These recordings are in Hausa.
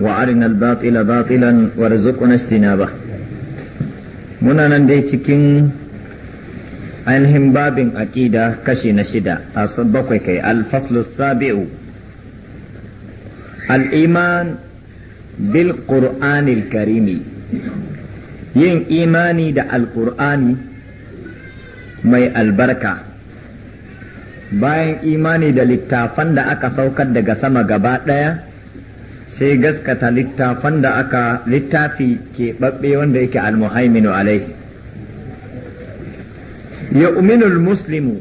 وأرنا الباطل باطلا وارزقنا اجتنابه منا نندي cikin ainihin babin aƙida kashi na shida a bakwai kai alfaslu al al'iman bil qur'anil karimi yin imani da alƙur'ani mai albarka bayan imani da littafan da aka saukar daga sama gaba ɗaya sai gaskata littafan da aka littafi ke babbe wanda yake almuhaiminu alai ya uminul muslimu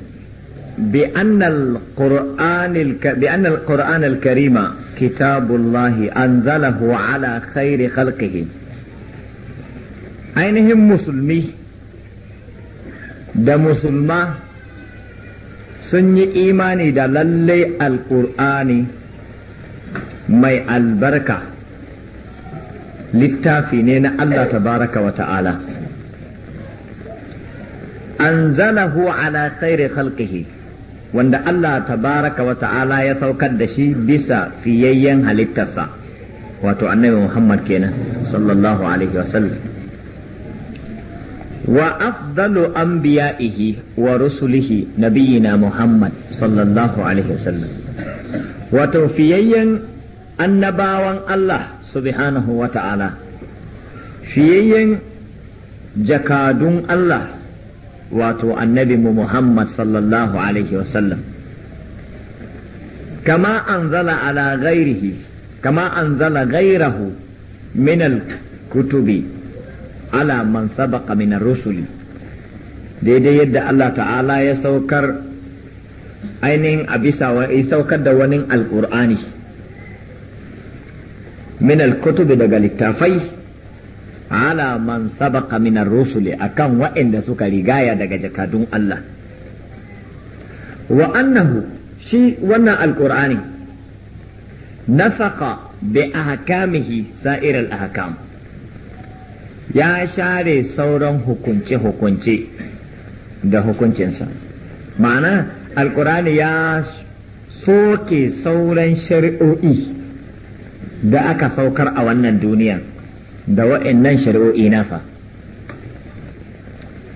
bi annal qur'an al-karima kitabullahi anzalahu ala khairi khalqihi ainihin musulmi da musulma sun yi imani da lallai alkur'ani mai albarka littafi ne na Allah tabaraka wa ta'ala anzalahu ala khairi khalqihi wanda Allah tabaraka wa ta'ala ya saukar da shi bisa fiyayyen halittarsa wato annabi Muhammad kenan sallallahu alaihi wa sallam wa afdalu anbiya'ihi wa rusulihi nabiyina Muhammad sallallahu alaihi wa sallam wato fiyayyen annabawan Allah subhanahu wa ta'ala fiyayyen jakadun Allah wato annabi mu Muhammad sallallahu alaihi wasallam kama zala ala ghairihi kama an zala min al-kutubi ala man sabaqa min rusuli daidai yadda Allah ta'ala ya saukar ainihin a bisa wa saukar da wani alkur'ani min alkutubi daga littafai ala man sabaka min rusuli akan waɗanda suka rigaya daga jakadun Allah wa annahu shi wannan alkur'ani nasaka bi ahkamihi sa'iral ahkam ya share sauran hukunce-hukunce da hukuncinsa ma'ana alkurani ya soke sauran shari'o'i da aka saukar a wannan duniya da wa'annan shari'o'i nasa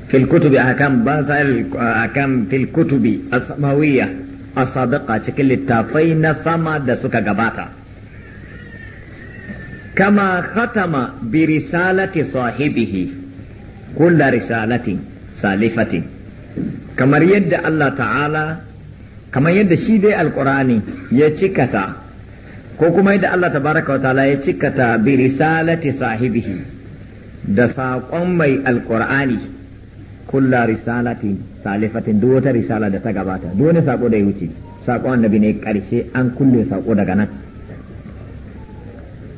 filkutubi a kan basar a filkutubi a samawiya a sadaka cikin littafai na sama da suka gabata kama khatama bi risalati sahibihi kula risalati salifatin kamar yadda Allah ta'ala kamar yadda shi dai alkurani ya cikata ko kuma yadda Allah tabaraka wa ta'ala ya cikata bi risalati sahibihi da saƙon mai alkur'ani kulla risalati salifatin duk wata risala da ta gabata duk wani saƙo da ya wuce saƙon annabi ne ƙarshe an kulle saƙo daga nan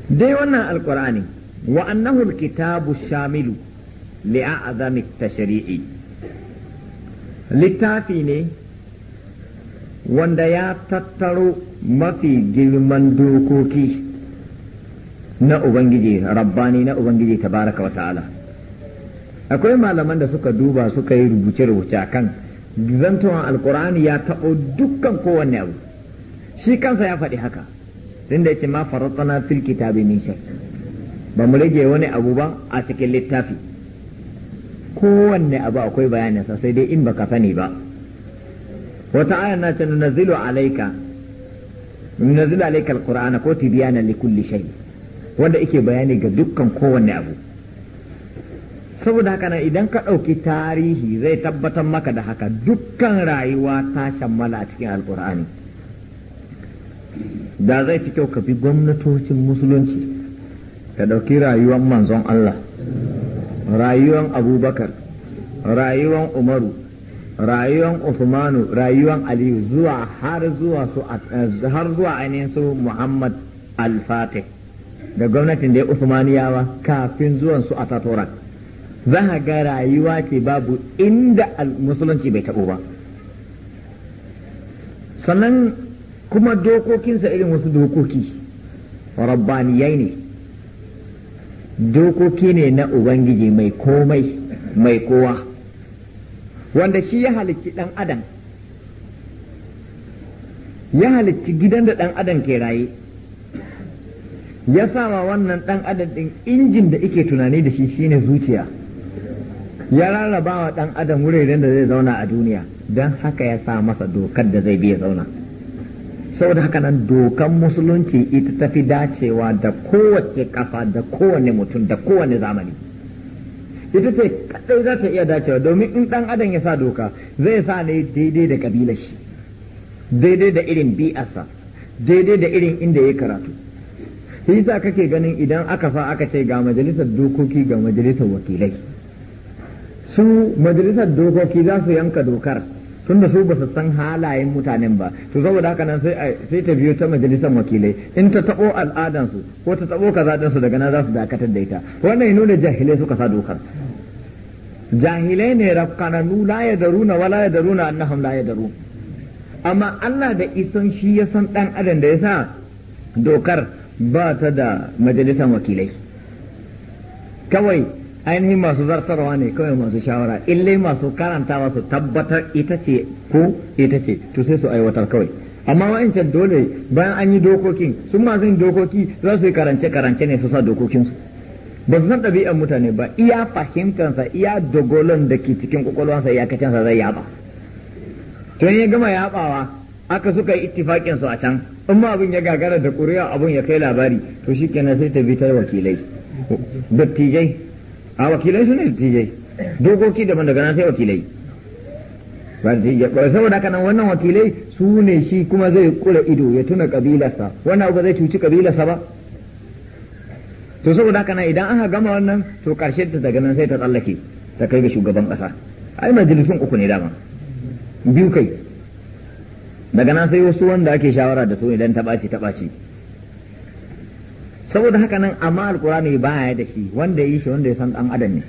dai wannan alkur'ani wa annahu alkitabu shamilu li'a'zami tashri'i littafi ne wanda ya tattaro mafi girman dokoki na ubangiji rabbani na ubangiji tabaraka wa ta'ala akwai malaman da suka duba suka yi rubuce-rubuce a kan zantowar alkur'ani ya taɓo dukkan kowanne abu shi kansa ya faɗi haka inda da ma faratsana fil kitabi min shai ba mu rage wani abu ba a cikin littafi kowanne abu akwai bayaninsa sai dai in baka sani ba wata aya na ce nazilu alaika nazilu alaika alqur'ana ko tibyana li kulli shay wanda yake bayani ga dukkan kowanne abu saboda haka na idan ka ɗauki tarihi zai tabbatar maka da haka dukkan rayuwa ta shammala a cikin alkur'ani da zai fi kyau ka bi gwamnatocin musulunci ka ɗauki rayuwar manzon Allah rayuwan abubakar rayuwan umaru rayuwan usmanu rayuwan aliyu zuwa har zuwa su har zuwa ainihin su muhammad alfate da gwamnatin da ya usmaniyawa kafin zuwan su a tatoran za a ga rayuwa ce babu inda musulunci bai taɓo ba sannan kuma dokokinsa irin wasu dokoki rabbaniyai ne dokoki ne na ubangiji mai komai mai kowa wanda shi ya halicci ɗan adam ya halicci gidan da ɗan adam ke raye ya sama wannan ɗan adam ɗin injin da ike tunani da shi shine zuciya ya rarraba wa ɗan adam wuraren da zai zauna a duniya don haka ya sa masa dokar da zai biya zauna saboda haka nan dokan musulunci ita ta fi dacewa da kowace kafa da kowane mutum da kowane zamani ita ce kadai za ta iya dacewa domin in dan adam ya sa doka zai sa ne daidai da kabilar shi daidai da irin bi'arsa daidai da irin inda ya karatu yasa kake ganin idan aka sa aka ce ga majalisar dokoki ga majalisar wakilai su majalisar dokoki za su yanka dokar tun da su ba su san halayen mutanen ba to saboda haka nan sai ta biyo ta majalisar wakilai in ta taɓo al'adansu ko ta tabo su daga nan za su dakatar da ita wannan ya nuna jahilai suka sa dokar jahilai ne rafkananu la ya daruna wa la ya daruna annahum la ya daru amma Allah da isan shi ya san dan adam da ya sa dokar ba ta da majalisar wakilai kawai ainihin masu zartarwa ne kawai masu shawara illai masu karantawa su tabbatar ita ce ko ita ce to sai su aiwatar kawai amma wa'ancan dole bayan an yi dokokin sun masu yin dokoki za su yi karance karance ne su sa dokokinsu ba su san ɗabi'ar mutane ba iya fahimtansa iya dogolon da ke cikin kwakwalwansa iyakacinsa zai yaba tun ya gama yabawa aka suka yi ittifakin a can in ma abin ya gagara da ƙuri'a abin ya kai labari to kenan sai ta bi ta wakilai dattijai a wakilai su ne dattijai dokoki daban daga nan sai wakilai ba ba saboda haka nan wannan wakilai su ne shi kuma zai kura ido ya tuna kabilarsa wannan ba zai cuci kabilarsa ba to saboda haka nan idan aka gama wannan to karshe ta daga nan sai ta tsallake ta kai ga shugaban kasa ai majalisun uku ne dama biyu kai daga nan sai wasu wanda ake shawara da su idan ta ɓaci ta ɓaci saboda haka nan amma alkurani baya da shi wanda ya yi shi wanda ya san dan adam ne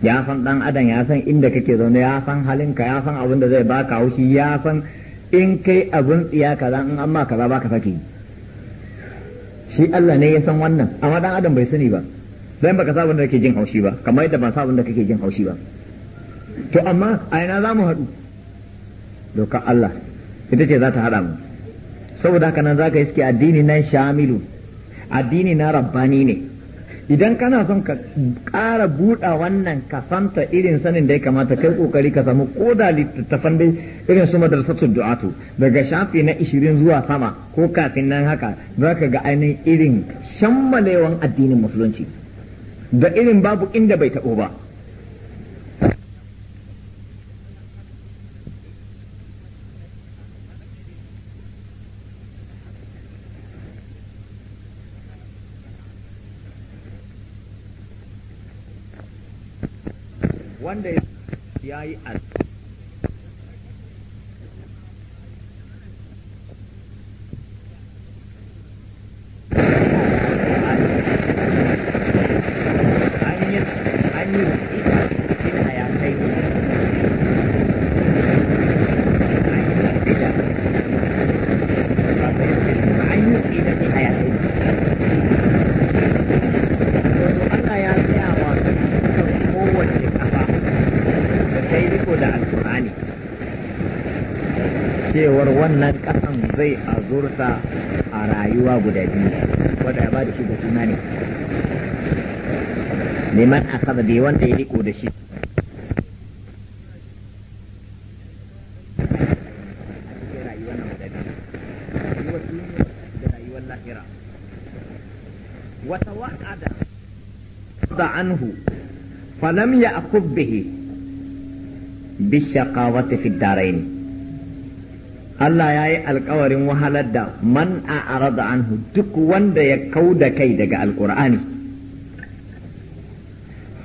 ya san dan adam ya san inda kake zaune ya san halinka ya san abin da zai baka haushi ya san in kai abin tsiya kaza in amma kaza baka sake yi shi Allah ne ya san wannan amma dan adam bai sani ba dan baka sabon da kake jin haushi ba kamar yadda ba sabon da kake jin haushi ba to amma a ina za mu haɗu doka Allah ita ce za ta haɗa mu saboda haka nan za ka iske addini nan shamilu addini na rabbani ne idan kana son ka ƙara buɗa wannan ka santa irin sanin da ya kamata kai kokari ka samu ko da littattafan dai irin su madrasatul du'atu daga shafi na 20 zuwa sama ko kafin nan haka za ka ga ainihin irin shammalewan addinin musulunci da irin babu inda bai taɓo ba wanda ya yi cewar wannan ƙasan zai azurta a rayuwa guda biyu wanda ya ba da shi da suna ne neman a kada da wanda ya riko da shi وتوعد عنه فلم يأخذ به بالشقاوة في الدارين Allah ya yi alkawarin wahalar da man a arada anhu duk wanda ya kau da kai daga alkur'ani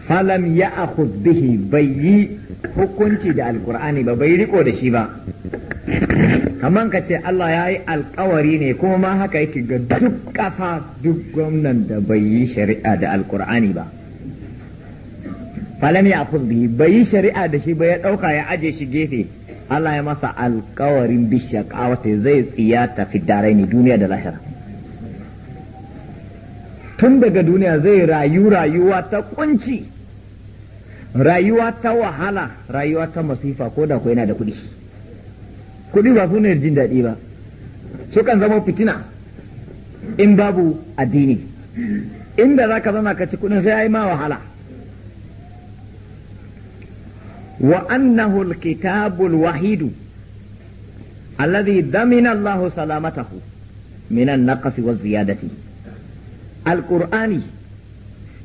falam ya a bihi bai yi hukunci da alkur'ani ba bai riko da shi ba kamar ka ce Allah ya yi alkawari ne kuma ma haka yake ga duk ƙasa duk gwamnan da bai yi shari'a da alkur'ani ba falam ya a bihi bai yi shari'a da shi ba ya ɗauka ya aje shi gefe Allah ya masa alkawarin bishaqawati zai tsiya tafi ne duniya da lahira tun daga duniya zai rayu rayuwa ta kunci rayuwa ta wahala rayuwa ta masifa ko da kuwa yana da kuɗi kuɗi ba su ne jin daɗi ba sukan zama fitina in babu addini inda za ka zama ka ci kuɗin sai ya yi ma wahala وأنه الكتاب الوحيد الذي ضمن الله سلامته من النقص والزيادة القرآن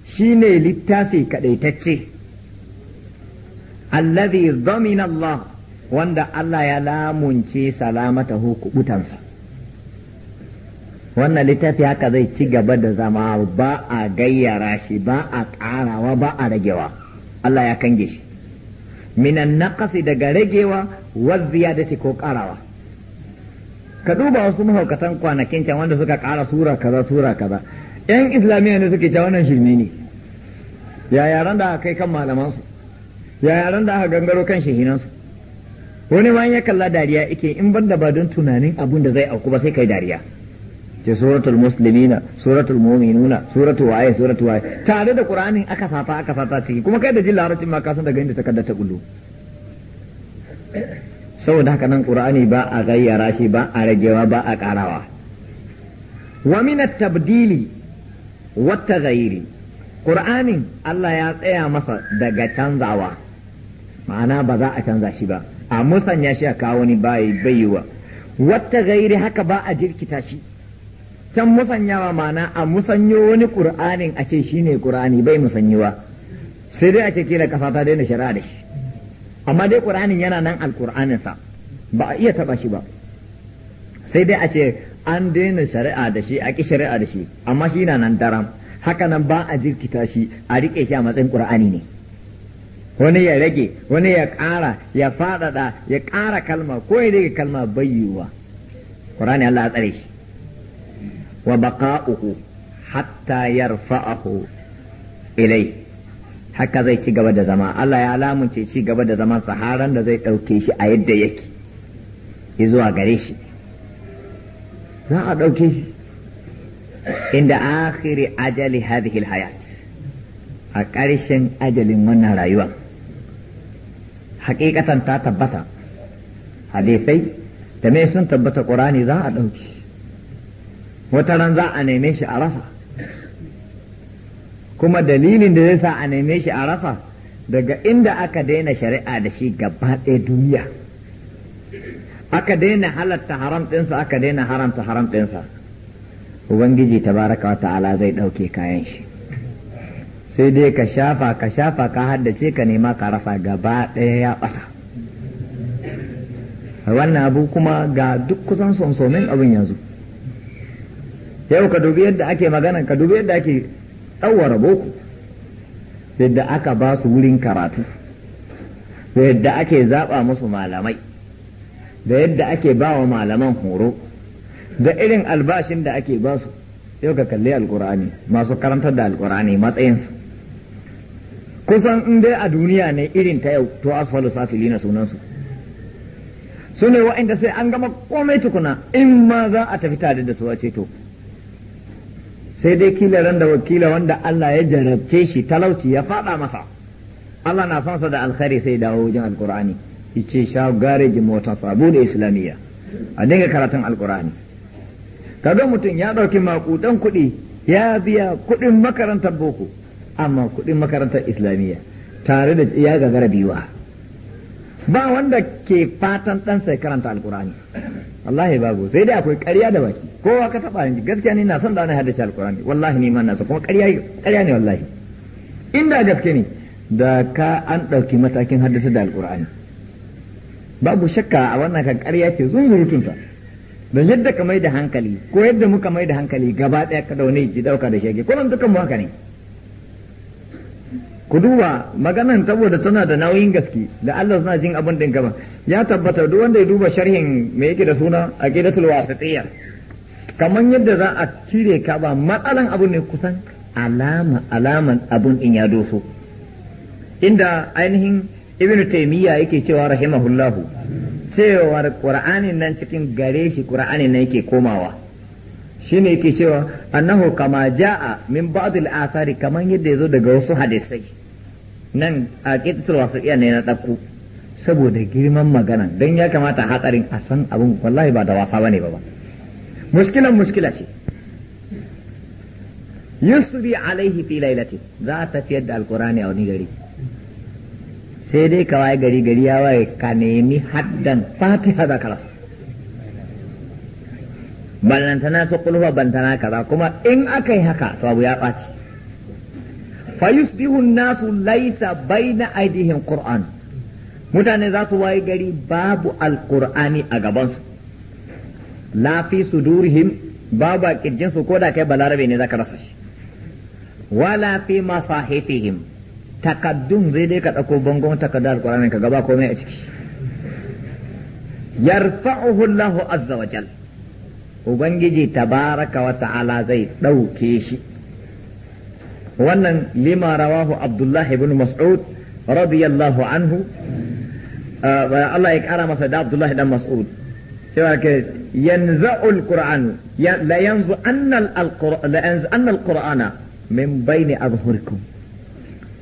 شيني للتافي كديتتشي الذي ضمن الله وند الله يلامنشي سلامته كبتنسا wannan littafi haka zai ci gaba da zama ba a gayyara shi ba a ƙarawa ba a ragewa Allah ya kange shi minan naqasi daga ragewa wa ziyadati ko karawa ka duba wasu mahaukatan kwanakin can wanda suka kara sura kaza sura kaza yan islamiyya ne suke cewa wannan shirme ne ya yaran da aka kai kan malaman su ya yaran da aka gangaro kan shehinan su wani ma ya kalla dariya ike in ban da ba don tunanin abun da zai auku ba sai kai dariya ce suratul muslimina suratul mu'minuna suratul waye suratul waye tare da qur'anin aka sata aka sata ciki kuma kai da jin larabcin ma ka daga inda takarda ta gullu saboda haka nan qur'ani ba a gayyara shi ba a ragewa ba a karawa wa min at-tabdili wa taghayyiri qur'anin Allah ya tsaya masa daga canzawa ma'ana ba za a canza shi ba a musanya shi a kawo ni bai baiwa wata gairi haka ba a jirkita shi can musanyawa mana a musanyo wani ƙur'anin a ce shi ne ƙur'ani bai ba sai dai a ce kila ƙasa ta daina shari'a da shi amma dai ƙur'anin yana nan alƙur'aninsa ba a iya taɓa shi ba sai dai a ce an daina shari'a da shi a ƙi shari'a da shi amma shi na nan daram haka nan ba a jirkita shi a riƙe shi a matsayin ƙur'ani ne wani ya rage wani ya ƙara ya faɗaɗa ya ƙara kalma ko ya rage kalma bayyuwa ƙur'ani Allah ya tsare shi wa baqa'uhu hatta yarfa'ahu ilai haka zai ci gaba da zama Allah ya lamunce ci gaba da zaman saharan da zai ɗauke shi a yadda yake zuwa gare shi za a ɗauke shi inda akhiri ajali hadhihi hayat a ƙarshen ajalin wannan rayuwa hakikatan ta tabbata hadifai da mai sun tabbata ƙurani za a ɗauke wata ran za a neme shi a rasa kuma dalilin da zai sa a neme shi a rasa daga inda aka daina shari'a da shi gaba ɗaya duniya aka daina halatta haram ɗinsa aka daina haramta haram ɗinsa ubangiji tabaraka wa ta'ala zai ɗauke kayan shi sai dai ka shafa ka shafa ka haddace ka nema ka rasa gaba ɗaya ya ɓata wannan abu kuma ga duk kusan sonsomin abin yanzu yau ka dubi yadda ake magana ka dubi yadda ake tsawara boko yadda aka ba su wurin karatu da yadda ake zaɓa musu malamai da yadda ake ba wa malaman horo da irin albashin da ake ba su yau ka kalli alkur'ani masu karantar da alkur'ani matsayinsu kusan in a duniya ne irin ta yau to asfalu safili na sunansu su ne wa'inda sai an gama komai tukuna in ma za a tafi tare da su a to sai dai kila ran da wakila wanda Allah ya jarabce shi talauci ya fada masa Allah na sansa da alkhairi sai dawo wajen alqur'ani yace sha gareji motar sabu da islamiyya a dinga karatun alqur'ani kaga mutum ya dauki makudan kuɗi ya biya kuɗin makarantar boko amma kuɗin makarantar islamiyya tare da ya gagara biyuwa ba wanda ke fatan dan sai karanta alkurani wallahi babu sai dai akwai ƙarya da baki kowa ka taba ni gaskiya ni na son da na hadisi alkurani wallahi ni ma na so kuma ƙarya ne wallahi inda gaske ne da ka an ɗauki matakin hadisi da alkurani babu shakka a wannan kan ƙarya ce zunzurutunta don yadda ka mai da hankali ko yadda muka mai da hankali gaba ɗaya ka daune ji ɗauka da shege kuma dukan mu haka ne ku duba maganan saboda tana da nauyin gaske da Allah suna jin abin din gaba ya tabbata duk wanda ya duba sharhin me yake da suna aqidatul wasatiyya kamar yadda za a cire ka ba matsalan abu ne kusan alama alaman abun din ya doso inda ainihin ibn taymiya yake cewa rahimahullahu cewa qur'anin nan cikin gare shi qur'anin nan yake komawa shine yake cewa annahu kama jaa min ba'd al-athari kaman yadda yazo daga wasu hadisai nan a wasu iya ne na ɗaku saboda girman magana don ya kamata hatsarin a san abin wallahi ba da wasa bane ba ba muskilan muskila ce yusri alaihi fi ce za a tafiyar da alkurani a wani gari sai dai ka waye gari gari ya waye ka nemi haddan fatiha za ka rasa ballantana su kulwa bantana kaza kuma in aka yi haka to abu ya ɓaci fayusbihu nasu laisa na aidihim qur'an mutane za su waye gari babu alkur'ani a gabansu lafi su durihim babu a ƙirjinsu ko da kai balarabe ne za ka rasa shi wa lafi fi him takaddun zai dai ka ɗauko bangon takaddun alqur'ani ka gaba komai a ciki yarfa'uhu Allahu azza wa jal ubangiji tabaraka wa ta'ala zai ɗauke shi wannan lima rawahu Abdullah ibn Mas'ud radiyallahu anhu uh, Allah ya kara masa da Abdullah dan Mas'ud cewa ke yanza'ul Qur'an la yanzu anna al-Qur'an la yanzu anna al min baini azhurikum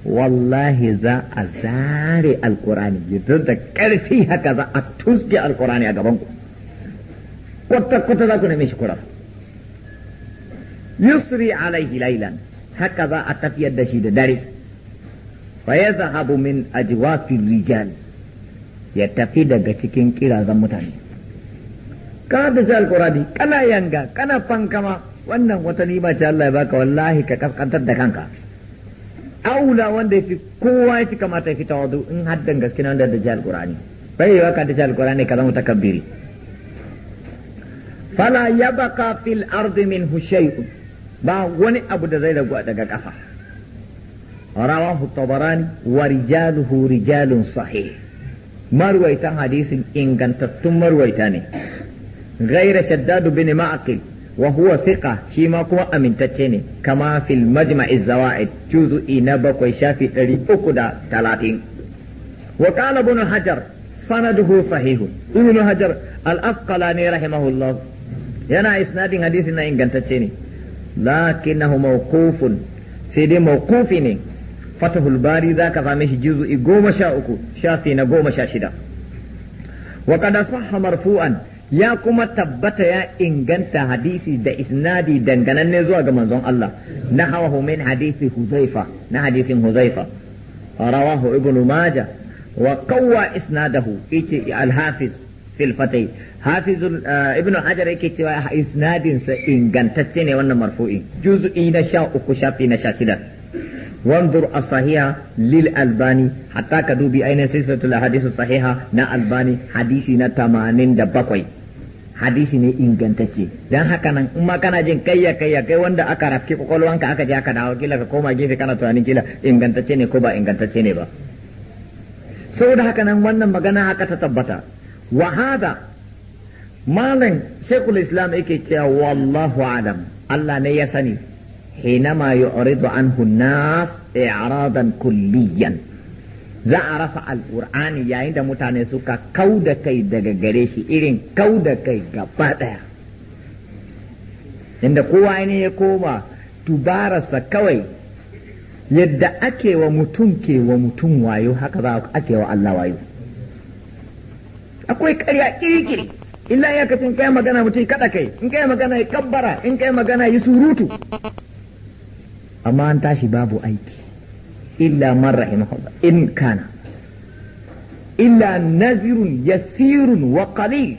wallahi za a zare alkurani yanzu da ƙarfi haka za a tuske alkurani a gabanku kwata-kwata za ku neme shi kurasa yusri alaihi lailan haka za a tafiyar da shi da dare fa ya zahabu min ajwafin rijal ya tafi daga cikin kirazan mutane ka da jal quradi kana yanga kana fankama wannan wata nima ce Allah ya baka wallahi ka kaskantar da kanka aula wanda ya fi kowa ya fi kamata ya fi tawadu in haddan gaske na wanda da jihar qur'ani bai yi waka da qur'ani ka zama takabbiri fala yabqa fil ardi min ba wani abu da zai ragu daga ƙasa rawahu tabarani wa rijaluhu rijalun sahih marwaitan hadisin ingantattun maruwaita ne ghaira shaddadu bin ma'aqil wa huwa shi ma kuma amintacce ne kama fil majma'iz zawaid juzu'i na bakwai shafi 330 talatin. qala ibn hajar sanaduhu sahihu ibn hajar al-asqalani rahimahullah yana isnadin hadisin na ingantace ne lakinnahu mawqufun sai dai mawqufi ne fatahul bari zaka same shi juz'i goma sha uku shafi na goma sha shida wa qad sahha marfu'an ya kuma tabbata ya inganta hadisi da isnadi dangananne zuwa ga manzon Allah na hawa min hadisi Huzaifa na hadisin Huzaifa rawahu ibnu majah wa qawwa isnadahu ite al-hafiz fil fatay hafizul eh, ibnu hajar yake cewa isnadin sa ingantace ne wannan marfu'i juz'i na sha uku shafi na sha shida wanzur as-sahiha lil albani hatta ka dubi ainihin silsilatul ahadith sahiha na albani hadisi na 87 hadisi ne ingantacce dan haka nan in ma kana jin kayya kayya kai wanda aka rafki kwakwalwanka aka je aka dawo kila ka koma gefe kana tunanin gila ingantacce ne ko ba ingantacce ne ba saboda haka nan wannan magana haka ta tabbata wa malam shekul islam yake cewa wallahu adam Allah ne ya sani hinama an hunas nas i'radan kulliyan za a rasa al’ur'ani yayin da mutane suka kau da kai daga gare shi irin kau da kai gaba ɗaya. inda kowa ne ya koma tubararsa kawai yadda ake wa mutum ke wa mutum wayo haka za ake wa Allah wayo akwai ƙarya kirkiri illa ya kace in kai magana mutum kada kai in kai magana ya kabbara in kai magana ya surutu amma an tashi babu aiki illa man rahimahullah in kana illa nazirun yasirun wa qalil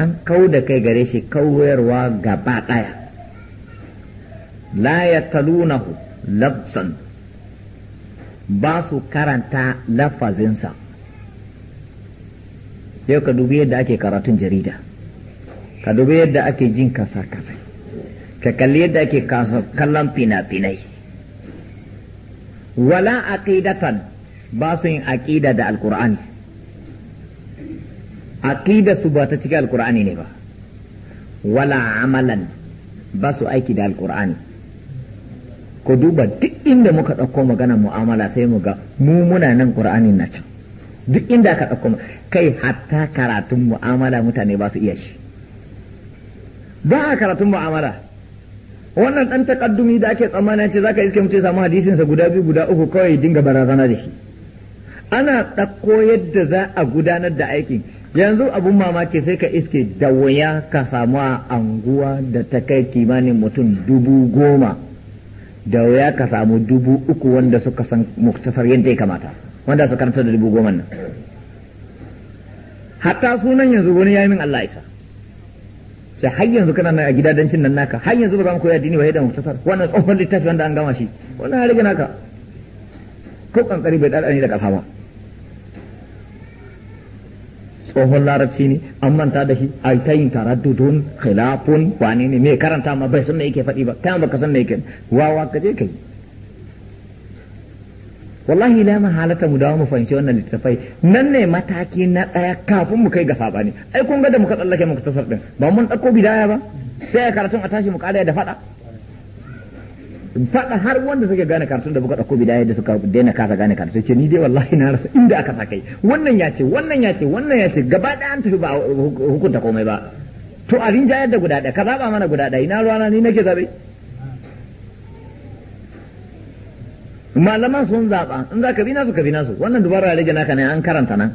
an kau da kai gare shi kauyarwa gaba daya la yatalunahu lafzan ba su karanta lafazinsa yau ka dubi yadda ake karatun jarida ka dubi yadda ake jin kasa kasai ka kalli yadda ake kallon fina-finai wala aqidatan ba su yin aqida da alkur'ani aqida su ba ta cika alkur'ani ne ba wala amalan ba su aiki da alkur'ani ku duba duk inda muka ɗauko magana mu'amala sai mu ga mu muna nan ƙur'anin na can duk inda ka ɗauko kai hatta karatun mu'amala mutane ba su iya shi ba a karatun mu'amala wannan ɗan takaddumi da ake tsammanin ce zaka iske mutum samu hadisinsa guda biyu guda uku kawai dinga barazana da shi ana ɗauko yadda za a gudanar da aikin yanzu abun mamaki sai ka iske da waya ka samu a anguwa da ta kai kimanin mutum dubu goma da waya ka samu dubu uku wanda suka san muktasar yadda ya kamata wanda su karanta da dubu goma nan hatta sunan yanzu wani min Allah isa sai har yanzu kana nan a gidadancin nan naka har yanzu ba za mu koyi addini ba sai muktasar wannan tsohon littafi wanda an gama shi wannan ya rage naka ko kankari bai dada a da kasa ba tsohon larabci ne an manta da shi a ta yin taraddudun khilafun wane ne mai karanta ma bai san me yake faɗi ba kai baka san me yake wawa ka je ka yi. wallahi la halata mu dawo mu fahimci wannan littafai nan ne mataki na ɗaya kafin mu kai ga sabani ai kun ga da muka tsallake muku tasar din ba mun ɗauko bidaya ba sai karatun a tashi mu ƙara da faɗa faɗa har wanda suke gane karatun da muka ɗauko bidaya da suka daina kasa gane karatu ce ni dai wallahi na rasa inda aka sa kai wannan ya ce wannan ya ce wannan ya ce gaba ɗaya an tafi ba hukunta komai ba to a rinjayar da guda ɗaya ka zaɓa mana guda ɗaya ina ruwana ni nake zaɓe malaman sun zaba in za ka bi nasu ka bi nasu wannan dubara ya rage naka ne an karanta nan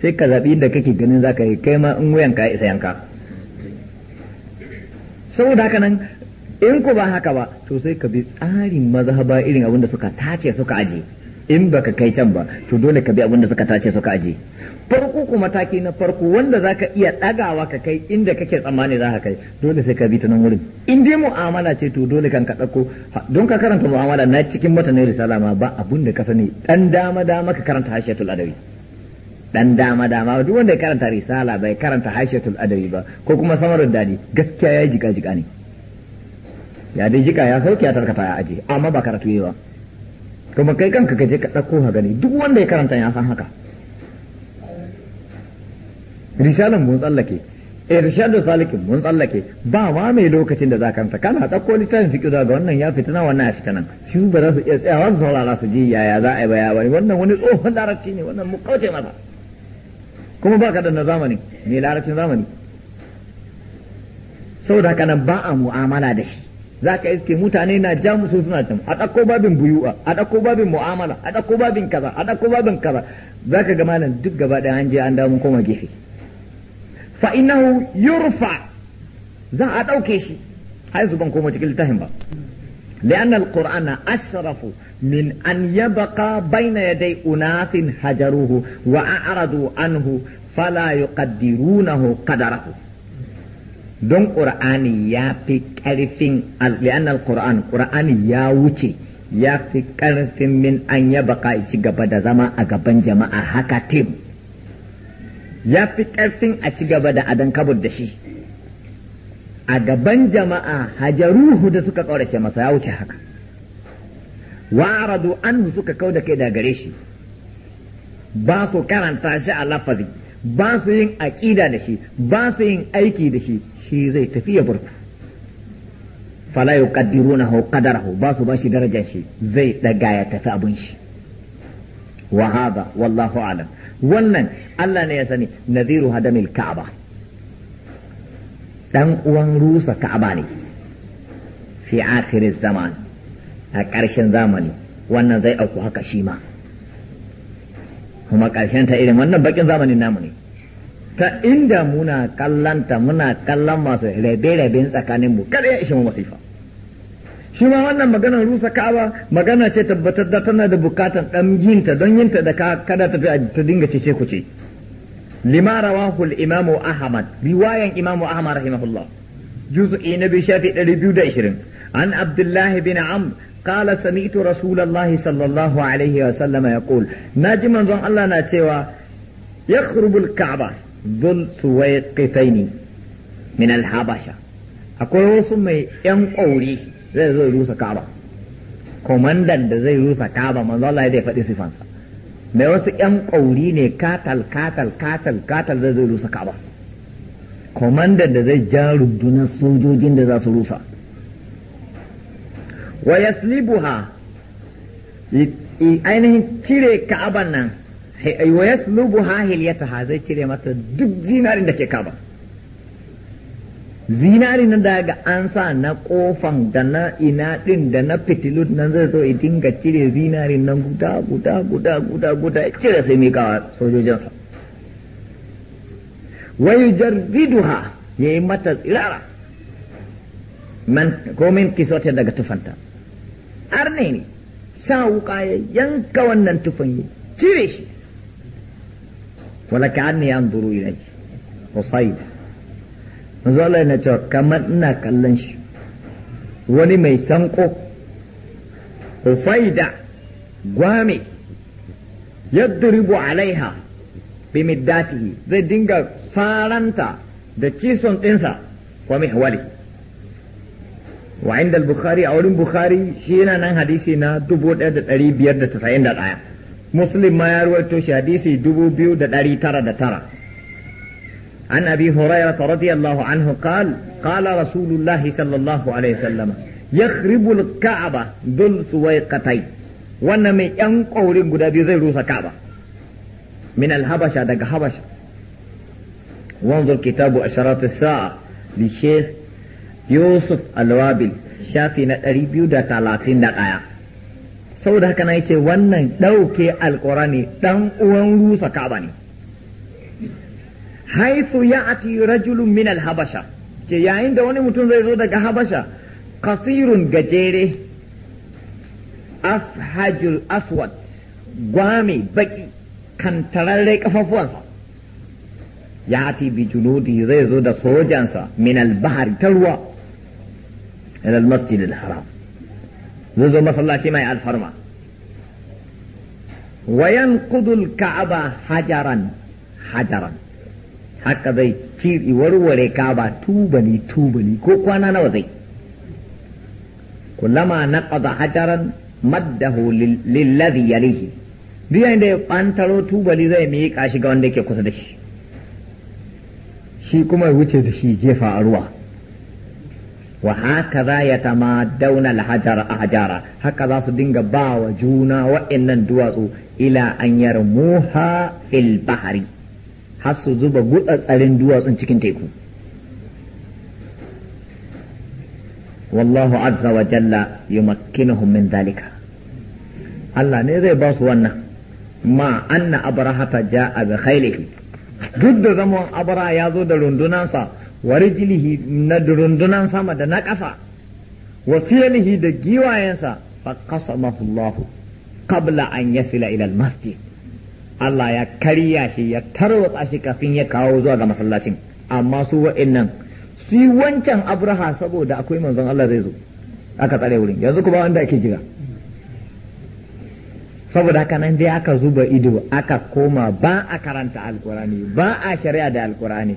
sai ka zaɓi da kake ganin za ka yi kai ma in wuyan ka isa yanka saboda haka nan in ku ba haka ba to sai ka bi tsarin mazhaba irin abin da suka tace suka ajiye in baka kai can ba to dole ka bi abin da suka tace suka aje farko ku mataki na farko wanda zaka iya ɗagawa ka kai inda kake tsammani za ka kai dole sai ka bi ta nan wurin in dai mu'amala ce to dole kan ka dauko don ka karanta mu'amala na cikin matanin risala ma ba abun da ka sani dan dama dama ka karanta hashiyatul adawi dan dama dama duk wanda ya karanta risala bai karanta hashiyatul adawi ba ko kuma samarin dadi gaskiya ya jika jika ne ya dai jika ya sauke ya tarkata ya aje amma ba karatu yayi ba kuma kai kanka ka je ka ɗauko ka gani duk wanda ya karanta ya san haka risalan mun tsallake eh, risalan salikin mun tsallake ba ma mai lokacin da za karanta kana ɗauko littafin fiƙi za ga wannan ya fitina wannan ya fitana. shi ba za su iya tsayawa su saurara su ji yaya za a yi baya bane wannan wani tsohon larabci ne wannan mu kauce masa kuma ba ka da na zamani mai larabcin zamani saboda haka nan ba a mu'amala da shi za ka iske mutane na jamu su suna can a ɗakko babin buyu'a a ɗakko babin mu'amala a ɗakko babin kaza a ɗakko babin kaza za ka gama nan duk gaba ɗaya an je an damu koma gefe fa innahu yurfa za a ɗauke shi har ban koma cikin littafin ba لأن القرآن أشرف من أن يبقى بين يدي أناس هجروه وأعرضوا عنه فلا يقدرونه قدره don ƙur'ani ya fi ƙarfin li'an ƙur'an ƙur'ani ya wuce ya fi ƙarfin min an ya baka ci gaba da zama a gaban jama'a haka tim ya fi ƙarfin a ci gaba da adan kabur da shi a gaban jama'a hajaruhu da suka ƙaurace masa ya wuce haka wa'aradu anhu suka kau da kai da gare shi ba su karanta shi a lafazi ba su yin aƙida da shi ba su yin aiki da shi shi zai tafi ya burku fala yuqaddirunahu qadarahu ba su ba shi darajar shi zai daga ya tafi abun shi wa hada wallahu alam wannan Allah ne ya sani nadhiru hadamil ka'aba dan uwan rusa ka'aba ne fi akhiriz zaman a ƙarshen zamani wannan zai auku haka shi ma kuma ƙarshen ta irin wannan bakin zamanin namu ne ta inda muna kallanta muna kallon masu rabe-raben tsakanin mu kada ya ishe mu masifa shi ma wannan maganar rusa ka'aba magana ce tabbatar da tana da bukatar dan yinta don yinta da kada tafi ta dinga cece ku ce lima rawahu imamu ahmad riwayan imamu ahmad rahimahullah juz'i na biyu shafi 220 an abdullahi bin amr قال سمعت رسول الله صلى الله عليه وسلم يقول ناجي منظم الله ناتشيوا يخرب الكعبة ذو السويقتين من الحبشة أقول وسمي ينقوري زي زي روس كعبة komandan da zai rusa kaba manzo Allah ya faɗi sifansa mai wasu yan ƙauri ne katal katal katal katal zai zai rusa kaba komandan da zai ja rundunar sojojin da za su rusa wa yaslibuha ainihin cire ka'aban nan wa yaslubuha hilyataha zai cire mata duk zinarin da ke kaba zinarin nan daga an sa na kofan da na ina din da na fitilut nan zai so dinga cire zinarin nan guda guda guda guda guda cire sai mika sojojinsa wa yujarriduha yayi mata tsirara man komin kisote daga tufanta arne ne sa wuka ya yanka wannan tufin ya cire shi wala ka anni yanzuru ilayhi qusayb manzo Allah yana cewa kamar ina kallon shi wani mai sanko ufaida gwame yadribu alaiha bi middatihi zai dinga saranta da cison ɗinsa wa mihwali wa inda bukhari a wurin bukhari shi yana nan hadisi na 1591 muslim ma ya ruwaito shi hadisi 2909 an abi hurairah radiyallahu anhu qal qala rasulullah sallallahu alaihi wasallam yakhribu al-ka'aba don dhul katai wannan mai yan kaurin guda biyu zai rusa ka'aba min al-habasha daga habasha wanzu kitabu asharat as-sa'a li yusuf alwabil shafi na ɗari biyu da talatin da ɗaya saboda haka na yace wannan ɗauke alƙurani ɗan uwan rusa kaba ne Haisu ya ati rajulun min alhabasha ce yayin da wani mutum zai zo daga habasha kasirun gajere ashajul aswad gwame baki kantararre kafafuwansa ya ati bi zai zo da sojansa min albahar ta ruwa ila al-masjid al-haram mun masallaci mai alfarma Wayan yanqudu kaaba hajaran hajaran haka zai ciri warware ka'aba tubali tubali ko kwana nawa zai kullama naqada hajaran maddahu lilladhi yalihi duk yayin da ya ɓantaro tubali zai miƙa shi ga wanda yake kusa da shi shi kuma ya wuce da shi jefa a ruwa wa hakaza tama al-hajara ahjara haka za su dinga ba wa juna wa'annan duwatsu ila an yarmuha fil bahari har su zuba gutsattsarin duwatsun cikin teku wallahu azza wa jalla yumakkinuhum min zalika. Allah ne zai ba su wannan ma anna a ja'a bi khailihi duk da zaman abra ya zo da rundunansa warijilihi jilihi na rundunan sama da na ƙasa wa fiyalihi da giwayensa fa qasamahu Allah qabla an yasila ila masjid Allah ya karya shi ya tarwatsa shi kafin ya kawo zuwa ga masallacin amma su wa'annan su wancan abraha saboda akwai manzon Allah zai zo aka tsare wurin yanzu kuma wanda ake jira saboda haka nan dai aka zuba ido aka koma ba a karanta alkurani ba a shari'a da alkurani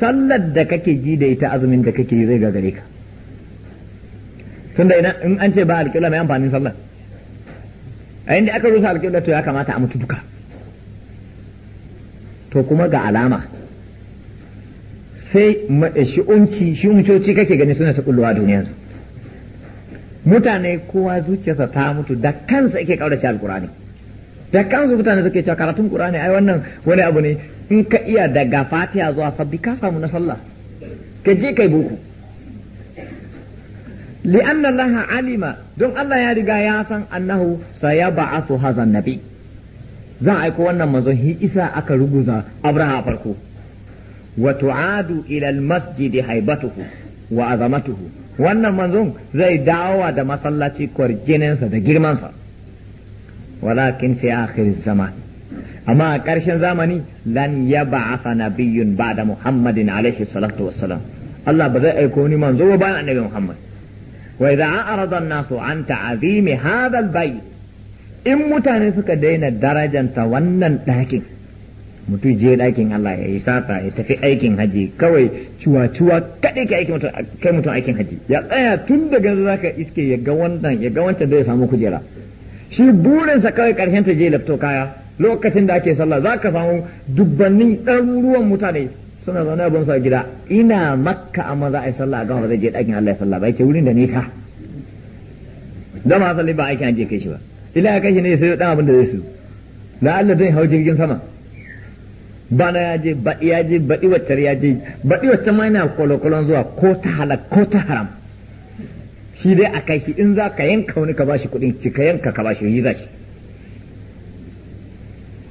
sallar da kake ji da ita azumin da kake yi zai gagare ka tunda idan in an ce ba alƙibla mai amfanin sallar a inda aka rusa alƙibla to ya kamata a mutu duka to kuma ga alama sai eh, shi'unci shi'uncoci kake gani suna ta kullowa duniya mutane kowa zuciyarsa ta mutu da kansa yake kaurace alkurani da kansu mutane suke cewa karatun qur'ani ai wannan wani abu ne in ka iya daga fatiha zuwa sabbi ka samu na sallah ka je kai boko li'anna allaha alima don Allah ya riga ya san annahu sayab'athu hadha nabi za zan aiko wannan manzon hi isa aka ruguza abraha farko wa tu'adu ila al-masjidi haibatuhu wa azamatuhu wannan manzon zai dawowa da masallaci kwarjininsa da girmansa walakin fi akhir zaman amma a ƙarshen zamani lan ya ba'atha nabiyyun ba'da muhammadin alaihi salatu wassalam Allah ba zai aiko ni manzo ba bayan annabi muhammad wa idza arada an-nasu an ta'zimi hadha in mutane suka daina darajanta wannan ɗakin mutum je ɗakin Allah ya yi sata ya tafi aikin haji kawai ciwa-ciwa kaɗai ka kai mutum aikin haji ya tsaya tun daga za ka iske ya ga wannan ya ga wancan da ya samu kujera shi burinsa kawai karshen ta je lafto kaya lokacin da ake sallah za ka samu dubbannin ɗaruruwan mutane suna zaune a sa gida ina makka amma za a yi sallah a gama zai je ɗakin Allah ya sallah ba yake wurin da ne ka asali ba aikin an je kai shi ba ila ya kai shi ne sai ɗan abin da zai su na Allah zai hau jirgin sama bana ya je baɗi ya je baɗi waccar ya je baɗi waccar ma yana kwalokwalon zuwa ko ta halak ko ta haram shi dai a kai shi in za ka yanka wani ka bashi kuɗin ci ka yanka ka bashi yi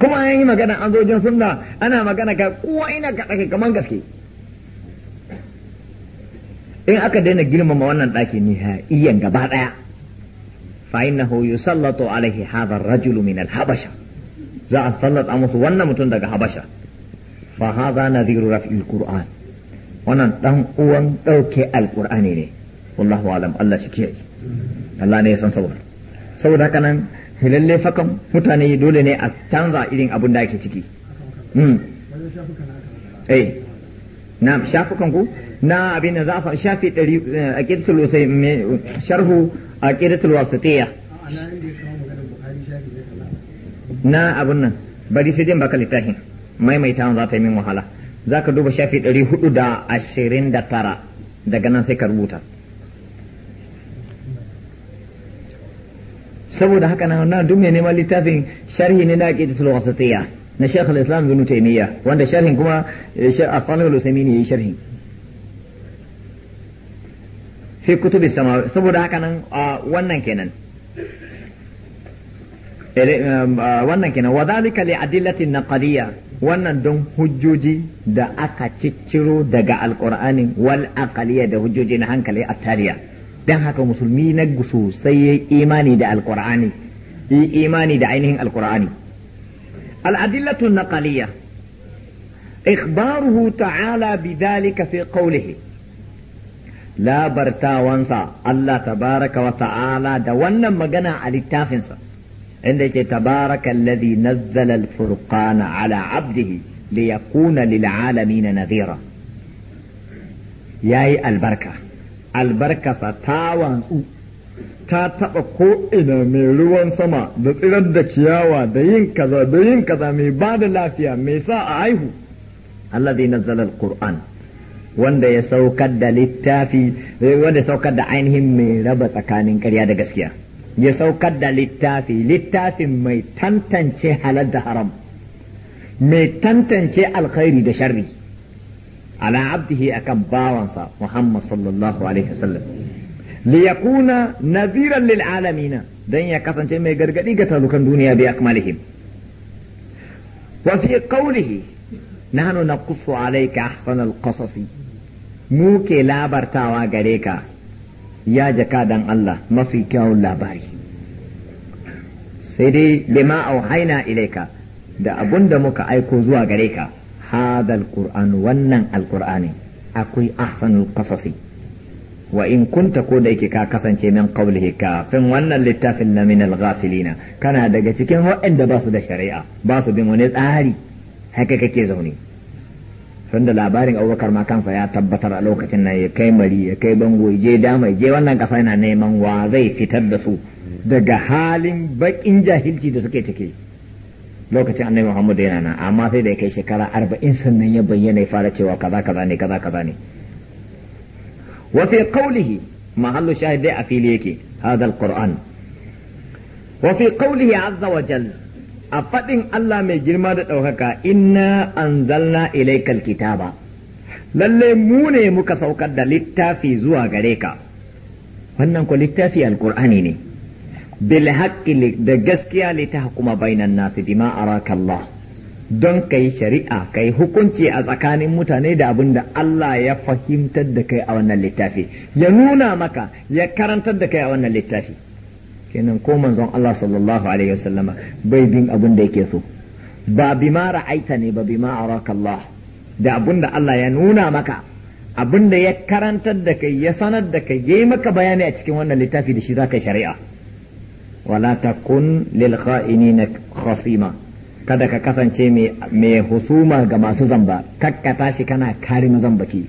kuma an yi magana an zojin sunna ana magana ka kowa ina ka ɗaki kamar gaske in aka daina girmama wannan ɗaki ni ha iyan gaba ɗaya fa innahu yusallatu alaihi hadha ar-rajulu min al-habasha za a sallata musu wannan mutum daga habasha fa hadha nadhiru raf'il qur'an wannan ɗan uwan ɗauke alqur'ani ne wallahu alam Allah shi kiyaye Allah ne ya san saboda saboda haka nan lalle fakan mutane dole ne a canza irin abin da ake ciki mm eh na shafukan ku na abin da za a shafi ɗari eh, a ƙirtul sharhu a ƙirtul wasitiya na abin nan bari sai jin baka littafin maimaita za ta yi min wahala za ka duba shafi 429 daga nan sai ka rubuta saboda haka na na duk mai neman littafin sharhi ne na aqidatul wasatiyya na Sheikh al-Islam Ibn Taymiyyah wanda sharhin kuma eh, a As-Salih al-Uthaymeen yayi sharhi fi kutubi samawi saboda haka nan wannan kenan eh, eh, um, wannan kenan wa zalika li adillatin naqaliyya wannan don hujjoji da aka cicciro daga alqur'ani wal aqaliyya da hujjoji na hankali attariya dan haka musulmi na gusu sai ya imani da alkur'ani yi imani da ainihin alkur'ani al'adillatu naqaliyya ikhbaruhu ta'ala bidhalika fi qawlihi labartawansa Allah tabaraka wa ta'ala da wannan magana a littafinsa inda yake tabaraka alladhi nazzala al-furqana ala 'abdihi liyakuna lil 'alamin nadhira yayi albarka albarkasa ta watsu ta taɓa ko'ina mai ruwan sama da tsirar da ciyawa da yin kaza da yin kaza mai ba da lafiya mai sa a haihu Allah zai nazalar Qur'an wanda ya saukar da littafi eh, wanda ya saukar da ainihin mai raba tsakanin ƙarya da gaskiya ya saukar da littafi littafin mai tantance halar da haram mai tantance alkhairi da sharri ala abdihi akan bawansa Muhammad sallallahu alaihi wasallam li na nadhiran lil alamin dan ya kasance mai gargadi ga talukan duniya bi akmalihim wa fi qawlihi nahnu naqussu alayka ahsan al qasasi mu ke labartawa gare ka ya jaka dan Allah mafi kyawun labari sai dai lima auhaina ilaika da abun da muka aiko zuwa gare ka هذا القرآن ونن القرآن أكوي أحسن القصص وإن كنت كود إيكي كسن من قوله فن ونن na من الغافلين كان هذا جتكين هو عند shari'a دا شريعة باس بمونيز آهلي هكا كي زوني tun da labarin abubakar ma kansa ya tabbatar a lokacin nan ya kai mari ya kai bango ya je dama ya je wannan kasa yana neman wa zai fitar da su daga halin bakin jahilci da suke ciki lokacin annabi Muhammad yana nan amma sai da ya kai shekara arba'in sannan ya bayyana ya fara cewa kaza kaza ne kaza kaza ne wa fi qawlihi mahallu a fili yake hadha alquran wa fi qawlihi azza wa jal a fadin Allah mai girma da daukaka inna anzalna ilaykal kitaba lalle mu ne muka saukar da littafi zuwa gare ka wannan ko littafi alqur'ani ne bil haqqi da gaskiya li tahkuma bainan nasi bima araka Allah don kai shari'a kai hukunci a tsakanin mutane da abin da Allah ya fahimtar da kai a wannan littafi ya nuna maka ya karantar da kai a wannan littafi kenan ko manzon Allah sallallahu alaihi wasallama bai bin abin da yake so ba bima ra'aita ne ba bima araka Allah da abin da Allah ya nuna maka abin da ya karantar da kai ya sanar da kai yayi maka bayani a cikin wannan littafi da shi za ka shari'a wala takun lil kha'inina khasima kada ka kasance mai husuma ga masu zamba kakka tashi kana kare mazambaci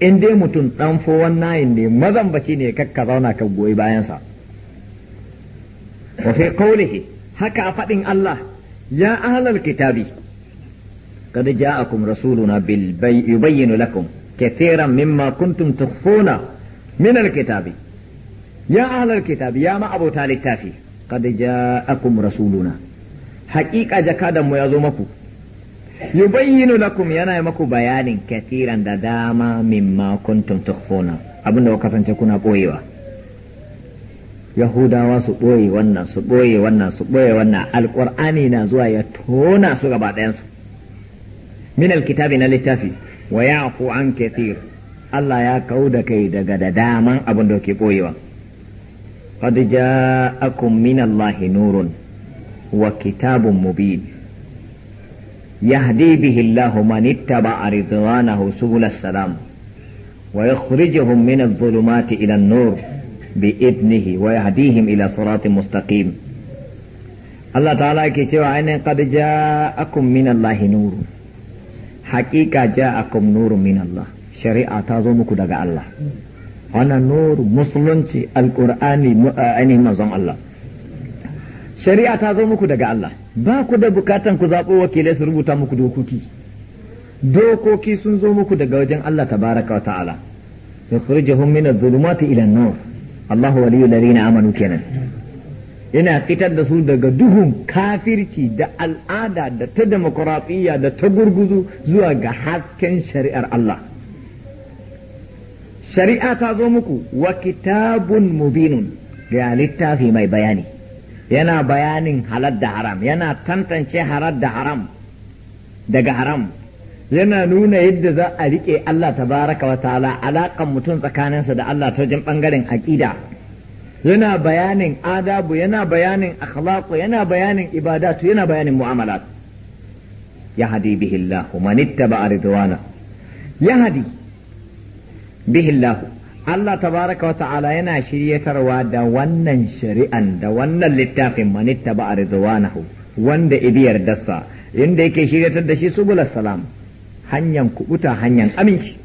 in dai mutum dan fowan nayin ne mazambaci ne kakka zauna ka goyi bayansa wa fi qawlihi haka a faɗin Allah ya ahlal kitabi قد جاءكم رسولنا بالبي يبين لكم كثيرا مما كنتم تخفون من الكتاب يا أهل الكتاب يا ya ma abota littafi. qad ja'akum rasuluna haƙiƙa jakadan mu ya zo maku yubayyinu lakum yana maku bayanin kathiran da dama mimma kuntum tukhfuna abinda ku kasance kuna boyewa yahudawa su boye wannan su boye wannan su boye wannan alqur'ani na zuwa ya tona su gaba ɗayan su min alkitabi na littafi wa ya'fu an kathir Allah ya kauda kai daga da daman abin da ke boyewa قد جاءكم من الله نور وكتاب مبين يهدي به الله من اتبع رضوانه سبل السلام ويخرجهم من الظلمات إلى النور بإذنه ويهديهم إلى صراط مستقيم الله تعالى كسوى عين قد جاءكم من الله نور حقيقة جاءكم نور من الله شريعة تازمك دقاء الله wannan nur musulunci alqur'ani ainihin manzon Allah shari'a ta zo muku daga Allah ba ku da bukatan ku zaɓo wakilai su rubuta muku dokoki dokoki sun zo muku daga wajen Allah tabaraka wa ta'ala yukhrijuhum min adh-dhulumati ila an-nur Allahu waliyul ladina amanu kenan yana fitar da su daga duhun kafirci da al'ada da ta demokratiya da ta gurguzu zuwa ga hasken shari'ar Allah shari'a ta zo muku wa kitabun mubinun ga littafi mai bayani yana bayanin halar da haram yana tantance halar da haram daga haram yana nuna yadda za a riƙe Allah baraka wa ta'ala alaƙan mutum tsakaninsa da Allah ta wajen ɓangaren aƙida yana bayanin adabu yana bayanin akhlaqu yana bayanin ibadatu yana bayanin mu'amalat yahdi bihi Allah man ittaba ridwana yahdi bihillah Allah tabaraka ta'ala yana shiryatarwa da wannan shari'an da wannan littafin manitta ba ridwanahu wanda ibi yardarsa inda yake shiryatar da shi subulas salam hanyan kubuta hanyan aminci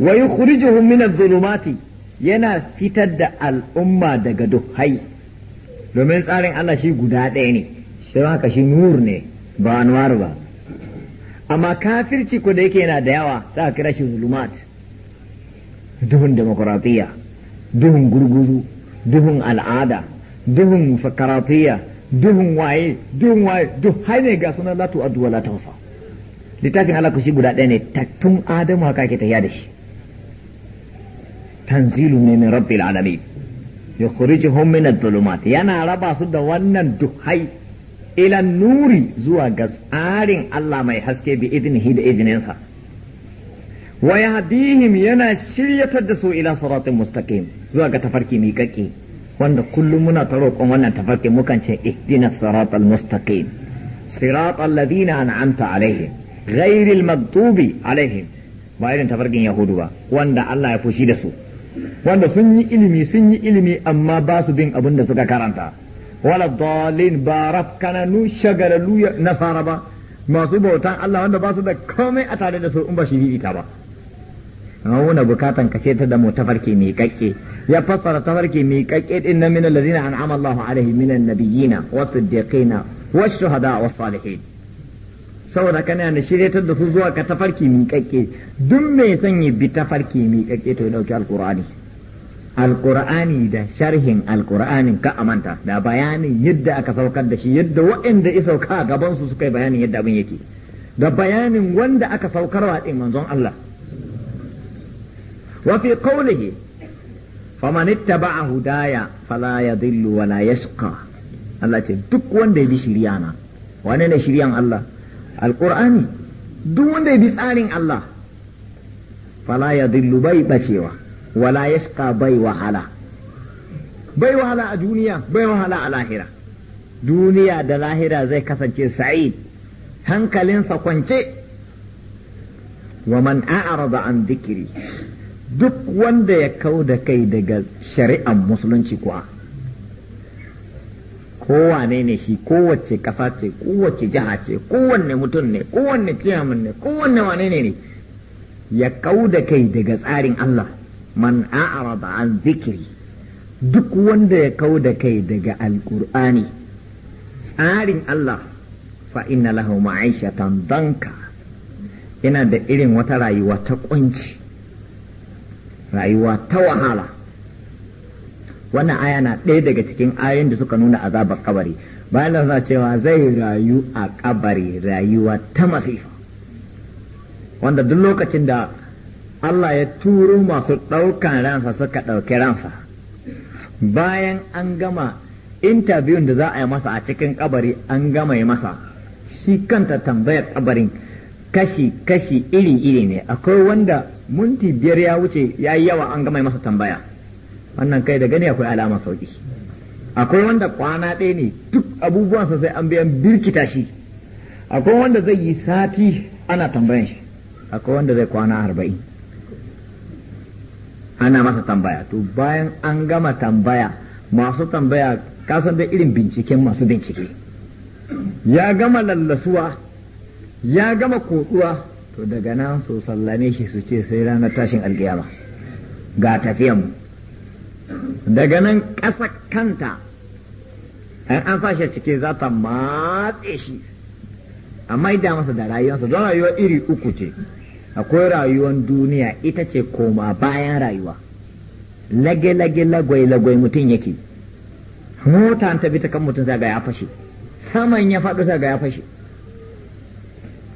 wa yukhrijuhum min adh-dhulumati yana fitar da al'umma daga duhai domin tsarin Allah shi guda daya ne shi haka shi nur ne ba anwar ba amma kafirci ko da yake yana da yawa sai kira shi zulumat duhun demokuraɗiyya duhun gurguzu duhun al'ada duhun sakaratiyya duhun waye duhun waye duk har ne ga sunan latu addu'a la tausa littafin halaka shi guda ɗaya ne tattun adamu haka ke tafiya da shi tanzilu ne min rabbil alamin yukhrijuhum min adh yana raba su da wannan duhai ilan nuri zuwa ga tsarin Allah mai haske bi idnihi da izininsa wa hadihim yana shiryatar da su ila saratun mustaqim zuwa ga tafarki mai kake wanda kullum muna ta roƙon wannan tafarki mukan ce ihdina siratal mustaqim siratal ladina an'amta alaihim ghairil maghdubi alaihim ba irin tafarkin yahudu ba wanda Allah ya fushi da su wanda sun yi ilimi sun yi ilimi amma ba su bin abin da suka karanta wala dalin ba rafkananu shagalalu nasara ba masu bautan Allah wanda ba su da komai a tare da su in ba shi ba nuna bukatan kashe ta da mutafarki tafarki mai kakke ya fassara tafarki mai kakke din na min allazina an'ama Allahu alaihi min annabiyina was-siddiqina wash-shuhada was-salihin saboda kana ne shiryatar da su zuwa ka tafarki mai kakke duk mai son ya bi tafarki mai kakke to ya dauki alqur'ani alqur'ani da sharhin alqur'anin ka amanta da bayanin yadda aka saukar da shi yadda waɗanda isauka a gaban su suka yi bayanin yadda abin yake da bayanin wanda aka saukarwa din manzon Allah وفي قوله faman ittaba'a hudaya fala yadhillu wa la yashqa Allah ce duk wanda ya bi shiriya na wane ne shiriyan Allah alqur'ani duk wanda ya bi tsarin Allah fala yadhillu bai bacewa wala la yashqa bai wahala bai wahala a duniya bai wahala a lahira duniya da lahira zai kasance sa'id hankalinsa kwance wa man a'rada an dhikri duk wanda ya kau da kai daga shari'ar musulunci kuwa kowane ne shi kowace ƙasa ce kowace jiha ce kowanne mutum ne kowanne ciyaman ne kowanne wane ne ne ya kau da kai daga tsarin Allah man a'rada an zikiri duk wanda ya kau da kai daga alkur'ani tsarin Allah fa inna lahu ma'aishatan danka yana da irin wata rayuwa ta kunci rayuwa ta wahala wannan aya na ɗaya daga cikin ayoyin da suka nuna azabar kabari bayan da cewa zai rayu a kabari rayuwa ta masifa wanda duk lokacin da Allah ya turo masu ɗaukan ransa suka ɗauki ransa bayan an gama intabiyun da za a yi masa a cikin kabari an gama yi masa shi kanta tambayar kabarin kashi-kashi iri-iri ne akwai wanda minti biyar ya wuce ya yi yawa an gama masa tambaya wannan kai da gani akwai alama sauki akwai wanda kwana ɗaya ne duk abubuwansa sai an biyan birkita shi akwai wanda zai yi sati ana tambayan shi akwai wanda zai kwana arba'in ana masa tambaya to bayan an gama tambaya masu tambaya kasan da irin binciken masu bincike ya gama lallasuwa ya gama koɗuwa to daga nan su sallame shi su ce sai ranar tashin alkiyama ga tafiyan daga nan ƙasa kanta an an sashe cike za ta matse shi a maida masa da rayuwarsa don rayuwa iri uku ce akwai rayuwan duniya ita ce koma bayan rayuwa lage-lage lagwai-lagwai mutum yake mota ta bi ta kan mutum sa ga ya fashe saman ya faɗo sa ga ya fashe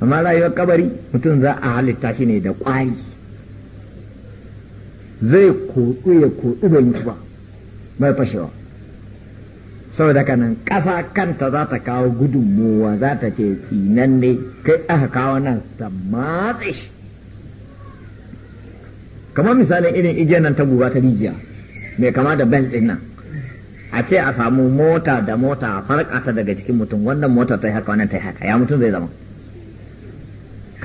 amma rayuwar kabari mutum za a halitta shi ne da ƙwari zai koɗu ya koɗu bai mutu ba bai fashewa saboda kanan ƙasa kanta za ta kawo gudunmowa za ta ce tsinan ne kai aka kawo nan ta matse shi kamar misalin irin igiyar nan ta guba ta rijiya mai kama da bel ɗin nan a ce a samu mota da mota a sarƙata daga cikin mutum wannan mota ta yi haka wannan ta yi haka ya mutum zai zama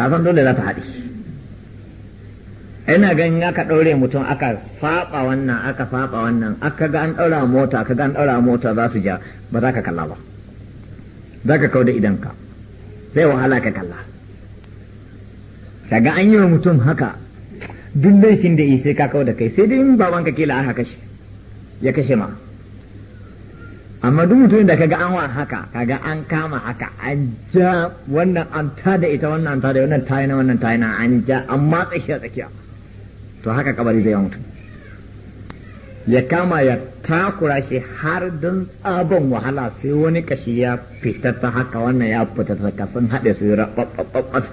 ka san dole za ta haɗi ina ganin aka ɗaure mutum aka saba wannan aka saba wannan aka ga an ɗaura mota aka ga an ɗaura mota za su ja ba za ka kalla ba za ka kau da idanka zai wahala ka kalla kaga an yi wa mutum haka duk laifin da yi sai ka kau da kai sai dai in babanka kila aka kashe ya kashe ma amma duk mutumin da kaga an wa haka kaga an kama haka an ja wannan an da ita wannan an da wannan tayi na wannan tayi na an ja an matsa shi a tsakiya to haka kabari zai mutu ya kama ya takura shi har don tsabon wahala sai wani kashi ya fitar ta haka wannan ya fitar ta haka sun haɗe su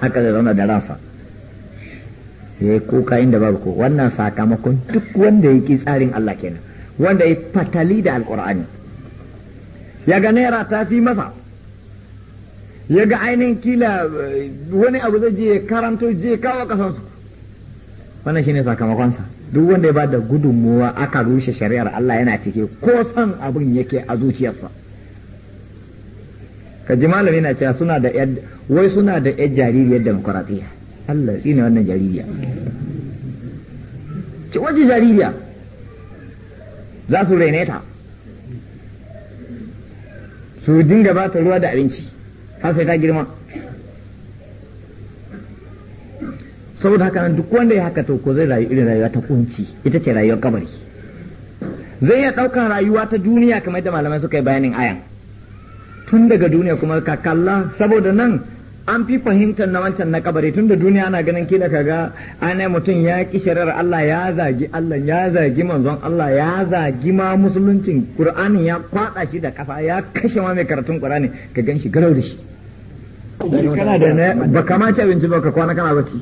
haka zai zauna da ransa ya yi kuka inda babu ko wannan sakamakon duk wanda ya ki tsarin Allah kenan wanda ya fatali da alkur'ani ya ga naira ta fi masa ya ga ainihin kila eh, wani abu zai je karanto je kawo kasansu wannan shine sakamakonsa duk wanda ya ba da gudunmuwa aka rushe shari'ar Allah yana cike ko san abin yake a zuciyarsa ka ji malami na cewa suna da wai suna da yar jaririyar demokradiyya Allah ne wannan jaririya ci waje jaririya za su rene ta su dinga ba ta ruwa da abinci har sai ta girma saboda haka nan duk wanda ya haka to ko zai rayu irin rayuwa ta kunci ita ce rayuwar kabari zai iya ɗaukar rayuwa ta duniya kamar da malamai suka yi bayanin ayan tun daga duniya kuma ka kalla saboda nan an fi fahimtar na wancan na kabari tunda duniya ana ganin kila kaga ana mutum ya ki shirar Allah ya zagi Allah ya zagi manzon Allah ya zagi ma musuluncin Qur'ani ya kwada shi da kasa ya kashe ma mai karatun Qur'ani ka gan shi garau da shi kana da ba kama ci abinci ba ka kwana kana bacci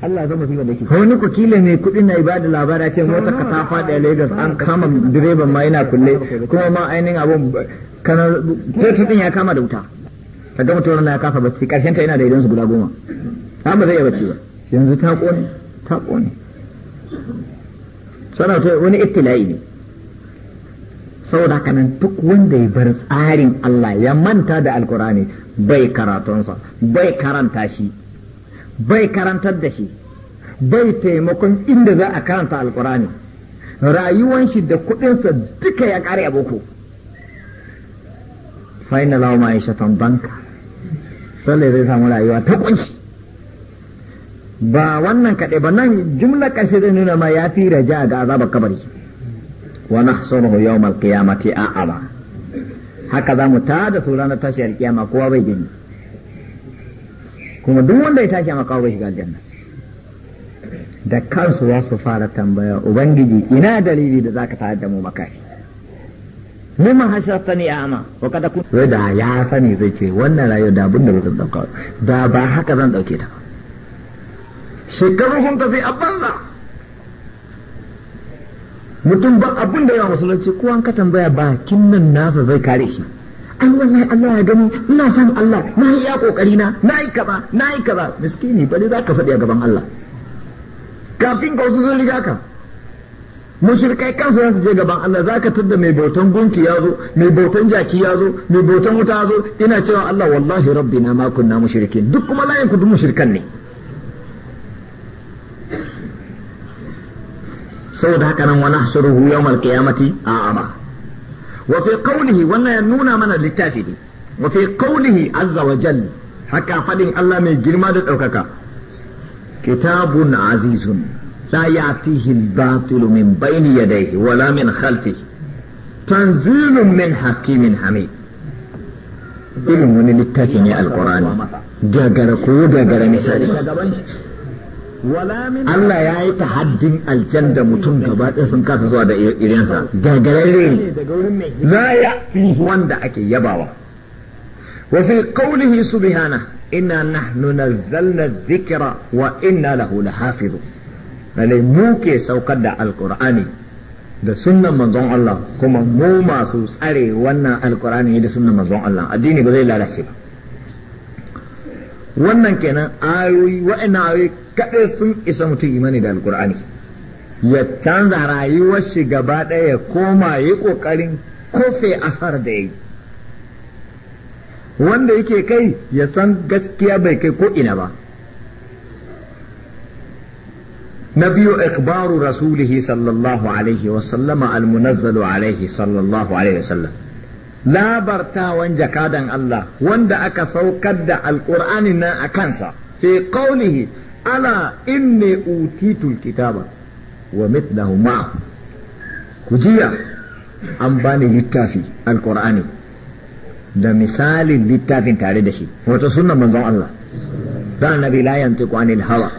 Allah zama fi da shi wani ku mai kudin na ibada labara ce mota ka ta faɗi a Lagos an kama direban ma yana kulle kuma ma ainihin abun kana fetur ɗin ya kama da wuta ka ga mutum ya kafa bacci karshen ta yana da idan su guda goma ta ba zai iya bacci ba yanzu ta kone ta kone sana ta wani ittila'i ne saboda kanan duk wanda ya bar tsarin Allah ya manta da alkurani bai karatunsa bai karanta shi bai karantar da shi bai taimakon inda za a karanta alkurani rayuwan shi da kudinsa duka ya kare a boko fainalawa ma shatan banka sallai zai samu rayuwa ta kunshi ba wannan kaɗai ba nan jumla ƙarshe zai nuna ma ya fi raja ga azaba kabari wa nahsuruhu yawmal qiyamati a'ama haka za mu ta da su ranar tashi kiyama kowa bai gani kuma duk wanda ya tashi a kawo bai shiga aljanna da kansu za su fara tambaya ubangiji ina dalili da zaka tare da mu makafi mimma hashartani a'ma wa kada ku. wai da ya sani zai ce wannan rayuwa da abin da ba zan dauka da ba haka zan dauke ta shekaru sun tafi a mutum ba abin da yawa musulunci ko an ka tambaya bakin nan nasa zai kare shi ai wallahi Allah ya gani ina san Allah na yi ya kokari na na yi kaza na yi kaza miskini bari za ka faɗi a gaban Allah kafin ka wasu zuri riga ka mushrikai kansu za su je gaban Allah za ka tadda mai bautan gunki ya zo mai bautan jaki ya zo mai bautan wuta ya zo ina cewa Allah wallahi rabbi na ma na mushrikin duk kuma layin ku mushrikan ne saboda haka nan wani hasuruhu yawmal qiyamati a'ama wa fi qawlihi wannan ya nuna mana littafi ne wa fi azza wa jalla haka faɗin, Allah mai girma da ɗaukaka. kitabun azizun لا يأتيه الباطل من بين يديه ولا من خلفه تنزيل من حكيم حميد irin wani littafi ne Alƙurani, gagara ko gagara misali Allah ya yi haddin aljan mutum gaba ɗaya sun kasa zuwa da irinsa gagararre ne ya wanda ake yabawa wa fi qawlihi subhana inna nahnu nazzalna dhikra wa inna lahu lahafizun alai mu ke saukar da alkur'ani da sunnan manzon Allah kuma mu masu tsare wannan alkur'ani da sunnan manzon Allah addini ba zai lalace ba wannan kenan ayoyi wa'annan ayoyi kadai sun isa mutum imani da alkur'ani ya canza rayuwar shi gaba ɗaya ya koma yi ƙoƙarin kofe asar da ya yi wanda yake kai ya san gaskiya bai kai ko ina ba نبي إخبار رسوله صلى الله عليه وسلم المنزل عليه صلى الله عليه وسلم لا برتا وانجا كادن الله واندا أكا سوكد القرآن نا أكنسا في قوله ألا إني أوتيت الكتاب ومثله معه كجيا أنباني للتافي القرآن da misalin littafin tare da shi wato sunan manzon Allah da annabi la yantiqu anil hawa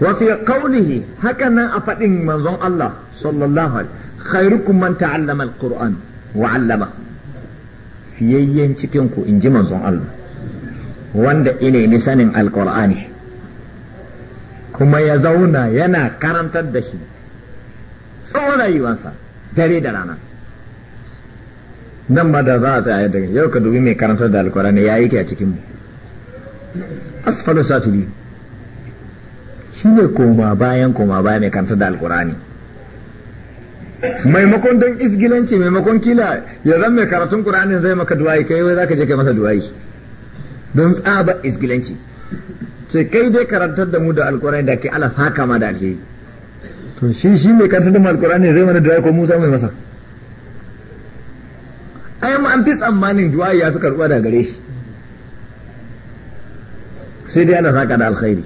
wa fi qawlihi haka nan a faɗin manzon Allah sallallahu alaihi khairukum man ta'allama alquran wa 'allama fiyayyen cikin ku inji manzon Allah wanda ilimi sanin alqur'ani kuma ya zauna yana karantar da shi tsawon rayuwarsa dare da rana nan ba da za a tsaya yau ka dubi mai karantar da alkurani ya yi ke a cikinmu asfalu safili shi ne koma bayan koma baya mai karanta da alkurani maimakon don isgilanci maimakon kila ya zan mai karatun kur'anin zai maka duwayi kai wai zaka je kai masa duwayi don tsaba isgilanci ce kai dai karantar da mu da alkurani da ke ala saka ma da alheri to shi shi mai karantar da mu alkurani zai mana duwayi ko mu za mu masa ai mu an fi tsammanin duwayi ya fi karɓuwa daga gare shi sai dai ala saka da alkhairi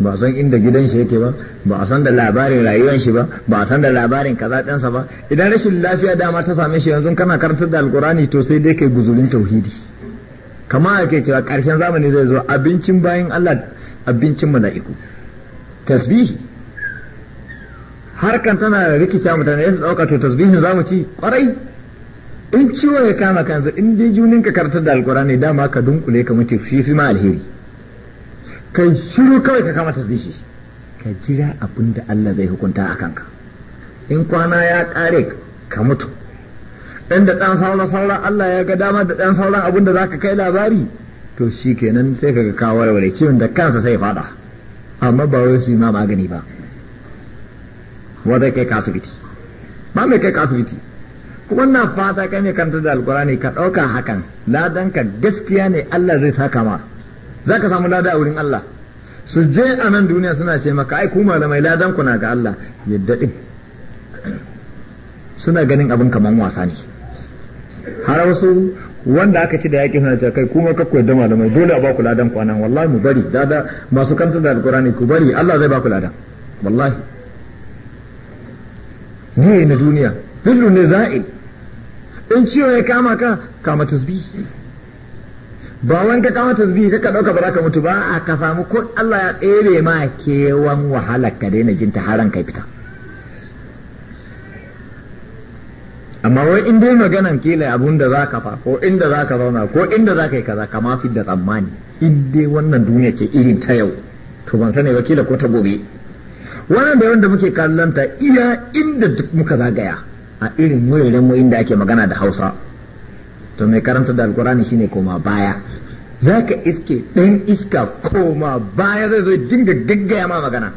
ba san inda gidan shi yake ba ba a san da labarin rayuwar shi ba ba a san da labarin kaza ba idan rashin lafiya dama ta same shi yanzu kana karantar da alkurani to sai dai kai guzurin tauhidi kama ake cewa ƙarshen zamani zai zo abincin bayan Allah abincin mala'iku tasbihi harkan tana rikica mutane ya ɗauka to tasbihin zamu ci kwarai in ciwo ya kama kansa in dai juninka karantar da alkurani dama ka dunkule ka mutu shi fi ma alheri kai shiru kawai ka kama shi. ka jira abin da Allah zai hukunta a kanka in kwana ya kare ka mutu dan da dan sauran sauran Allah ya ga dama da dan sauran abin da zaka kai labari to shi kenan sai ga ka warware ciwon da kansa sai fada amma ba wai su ma magani ba wadai kai ka asibiti ba mai kai ka asibiti wannan fata kai ne kanta da alkurani ka ɗauka hakan ladan ka gaskiya ne Allah zai saka ma za ka samu lada a wurin Allah su je a nan duniya suna ce maka ai ku malamai ladan ku na ga Allah yadda din suna ganin abin kamar wasa ne har wasu wanda aka ci da yaƙi suna cewa kai kuma kakku yadda malamai dole a baku ladan kwana wallahi mu bari dada masu kanta da alƙur'ani ku bari Allah zai baku ladan wallahi ne na duniya dillu ne za'i in ciwo ya kama ka kama tasbihi ba wani ka kama tasbihi ka dauka ba za ka mutu ba a ka samu ko Allah ya tsere ma kewan wahala ka daina jin ta haran kai fita amma wai in dai maganan kila abun da za ka fa ko inda za ka zauna ko inda za ka yi kaza kama fi da tsammani in dai wannan duniya ce irin ta yau to ban sani ba kila ko ta gobe wannan da wanda muke kallon ta iya inda duk muka zagaya a irin wuraren mu inda ake magana da Hausa to mai karanta da alkurani shine koma baya za ka iske ɗan iska koma baya zai zo dinga gaggaya ma magana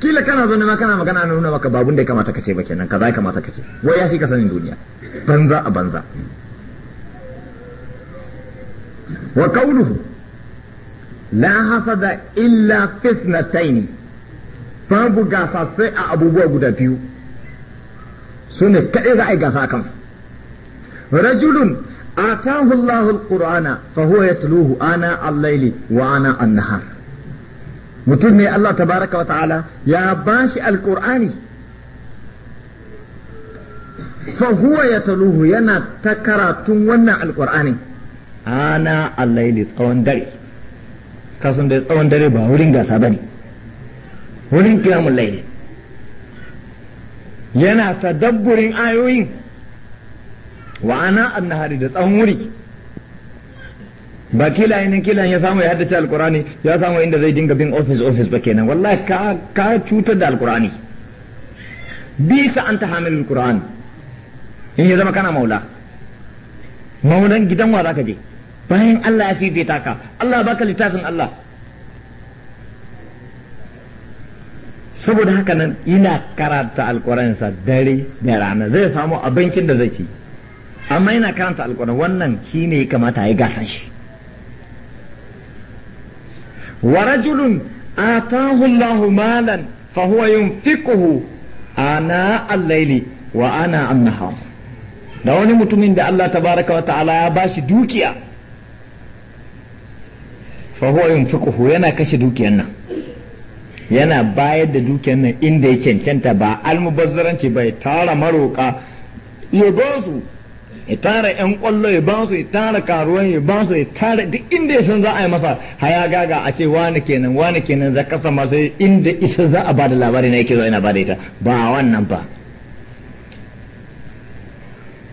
kila kana zo ma kana magana na nuna maka babun da ya kamata ka ce ba kenan kaza ya kamata ka ce wai ya fi ka sanin duniya banza a banza wa kauluhu la hasada illa fitnataini babu gasa sai a abubuwa guda biyu su ne kaɗai za a yi gasa a kansu rajulun آتاه الله القرآن فهو يتلوه آناء الليل وآناء النهار mutum ne Allah tabaraka wata'ala ya bashi alkur'ani fa huwa ya taluhu yana ta karatun wannan alkur'ani ana allaili tsawon dare kasan da tsawon dare ba wurin gasa ba ne wurin kiyamun laili yana tadabburin ayoyin wa ana annahari da tsawon wuri ba kilayen nan kilayen ya samu ya haddace alkurani ya samu inda zai dinga bin office office ba kenan wallahi ka cutar da alkurani bisa an ta hamil alkurani in ya zama kana maula maulan gidan wa zaka je bayan Allah ya fifita ka Allah baka littafin Allah saboda haka nan ina karanta alkuransa dare da rana zai samu abincin da zai ci amma yana karanta alkur'ani wannan shi ne kamata ya gasan shi wa rajulun atahu Allahu malan fa huwa yunfiquhu ana al wa ana an da wani mutumin da Allah tabaraka wa ta'ala ya bashi dukiya fa huwa yana kashe dukiyar nan yana bayar da dukiyan nan inda ya cancanta ba almubazzaranci bai tara maroka ya gosu. ya tara yan kwallo ya ba su ya tara karuwan ya ba su ya tara duk inda ya san za a yi masa haya gaga a ce wani kenan wani kenan za kasa masu inda isa za a bada labari na yake zo yana bada ita ba wannan ba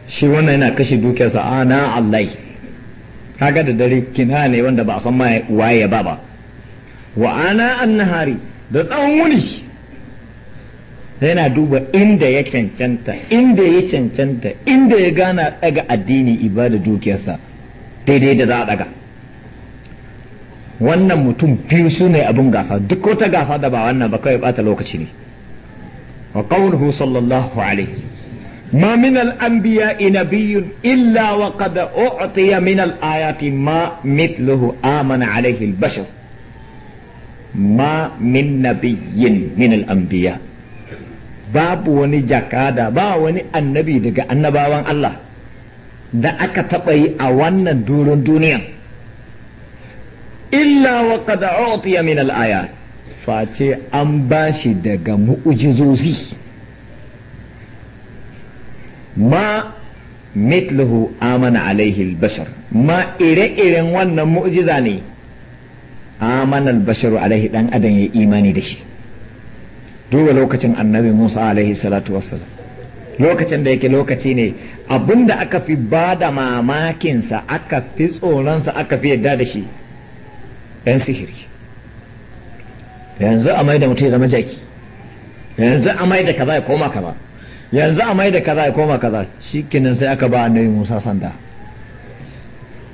shi wannan yana kashe dukiyarsa na allai kaga da dare kina ne wanda ba a san waye ba ba wa ana annahari da tsawon wuni yana duba inda ya cancanta inda ya cancanta inda ya gana daga addini ibada dukiyarsa daidai da za a daga wannan mutum biyu su ne abin gasa duk wata gasa da ba wannan ba kawai bata lokaci ne wa qawluhu sallallahu alaihi illa wa الأنبياء u'tiya إلا ayati أعطي ma الآيات ما مثله آمن عليه ma min من min من biya. babu wani jakada ba wani annabi daga annabawan Allah da aka taɓa yi a wannan durin duniya illa wa qad utiya min al face an bashi daga mu'ujizozi ma mithluhu amana alaihi al-bashar ma ire-iren wannan mu'jiza ne amana al-basharu alaihi dan adam ya imani da shi duba lokacin annabi Musa alaihi salatu wassalam lokacin da yake lokaci ne abinda aka fi ba da mamakinsa aka fi tsoronsa aka fi yadda da shi ɗan sihiri yanzu a mai da mutum ya zama jaki yanzu a mai da kaza ya koma kaza yanzu a mai da kaza ya koma kaza shi kenan sai aka ba annabi musa sanda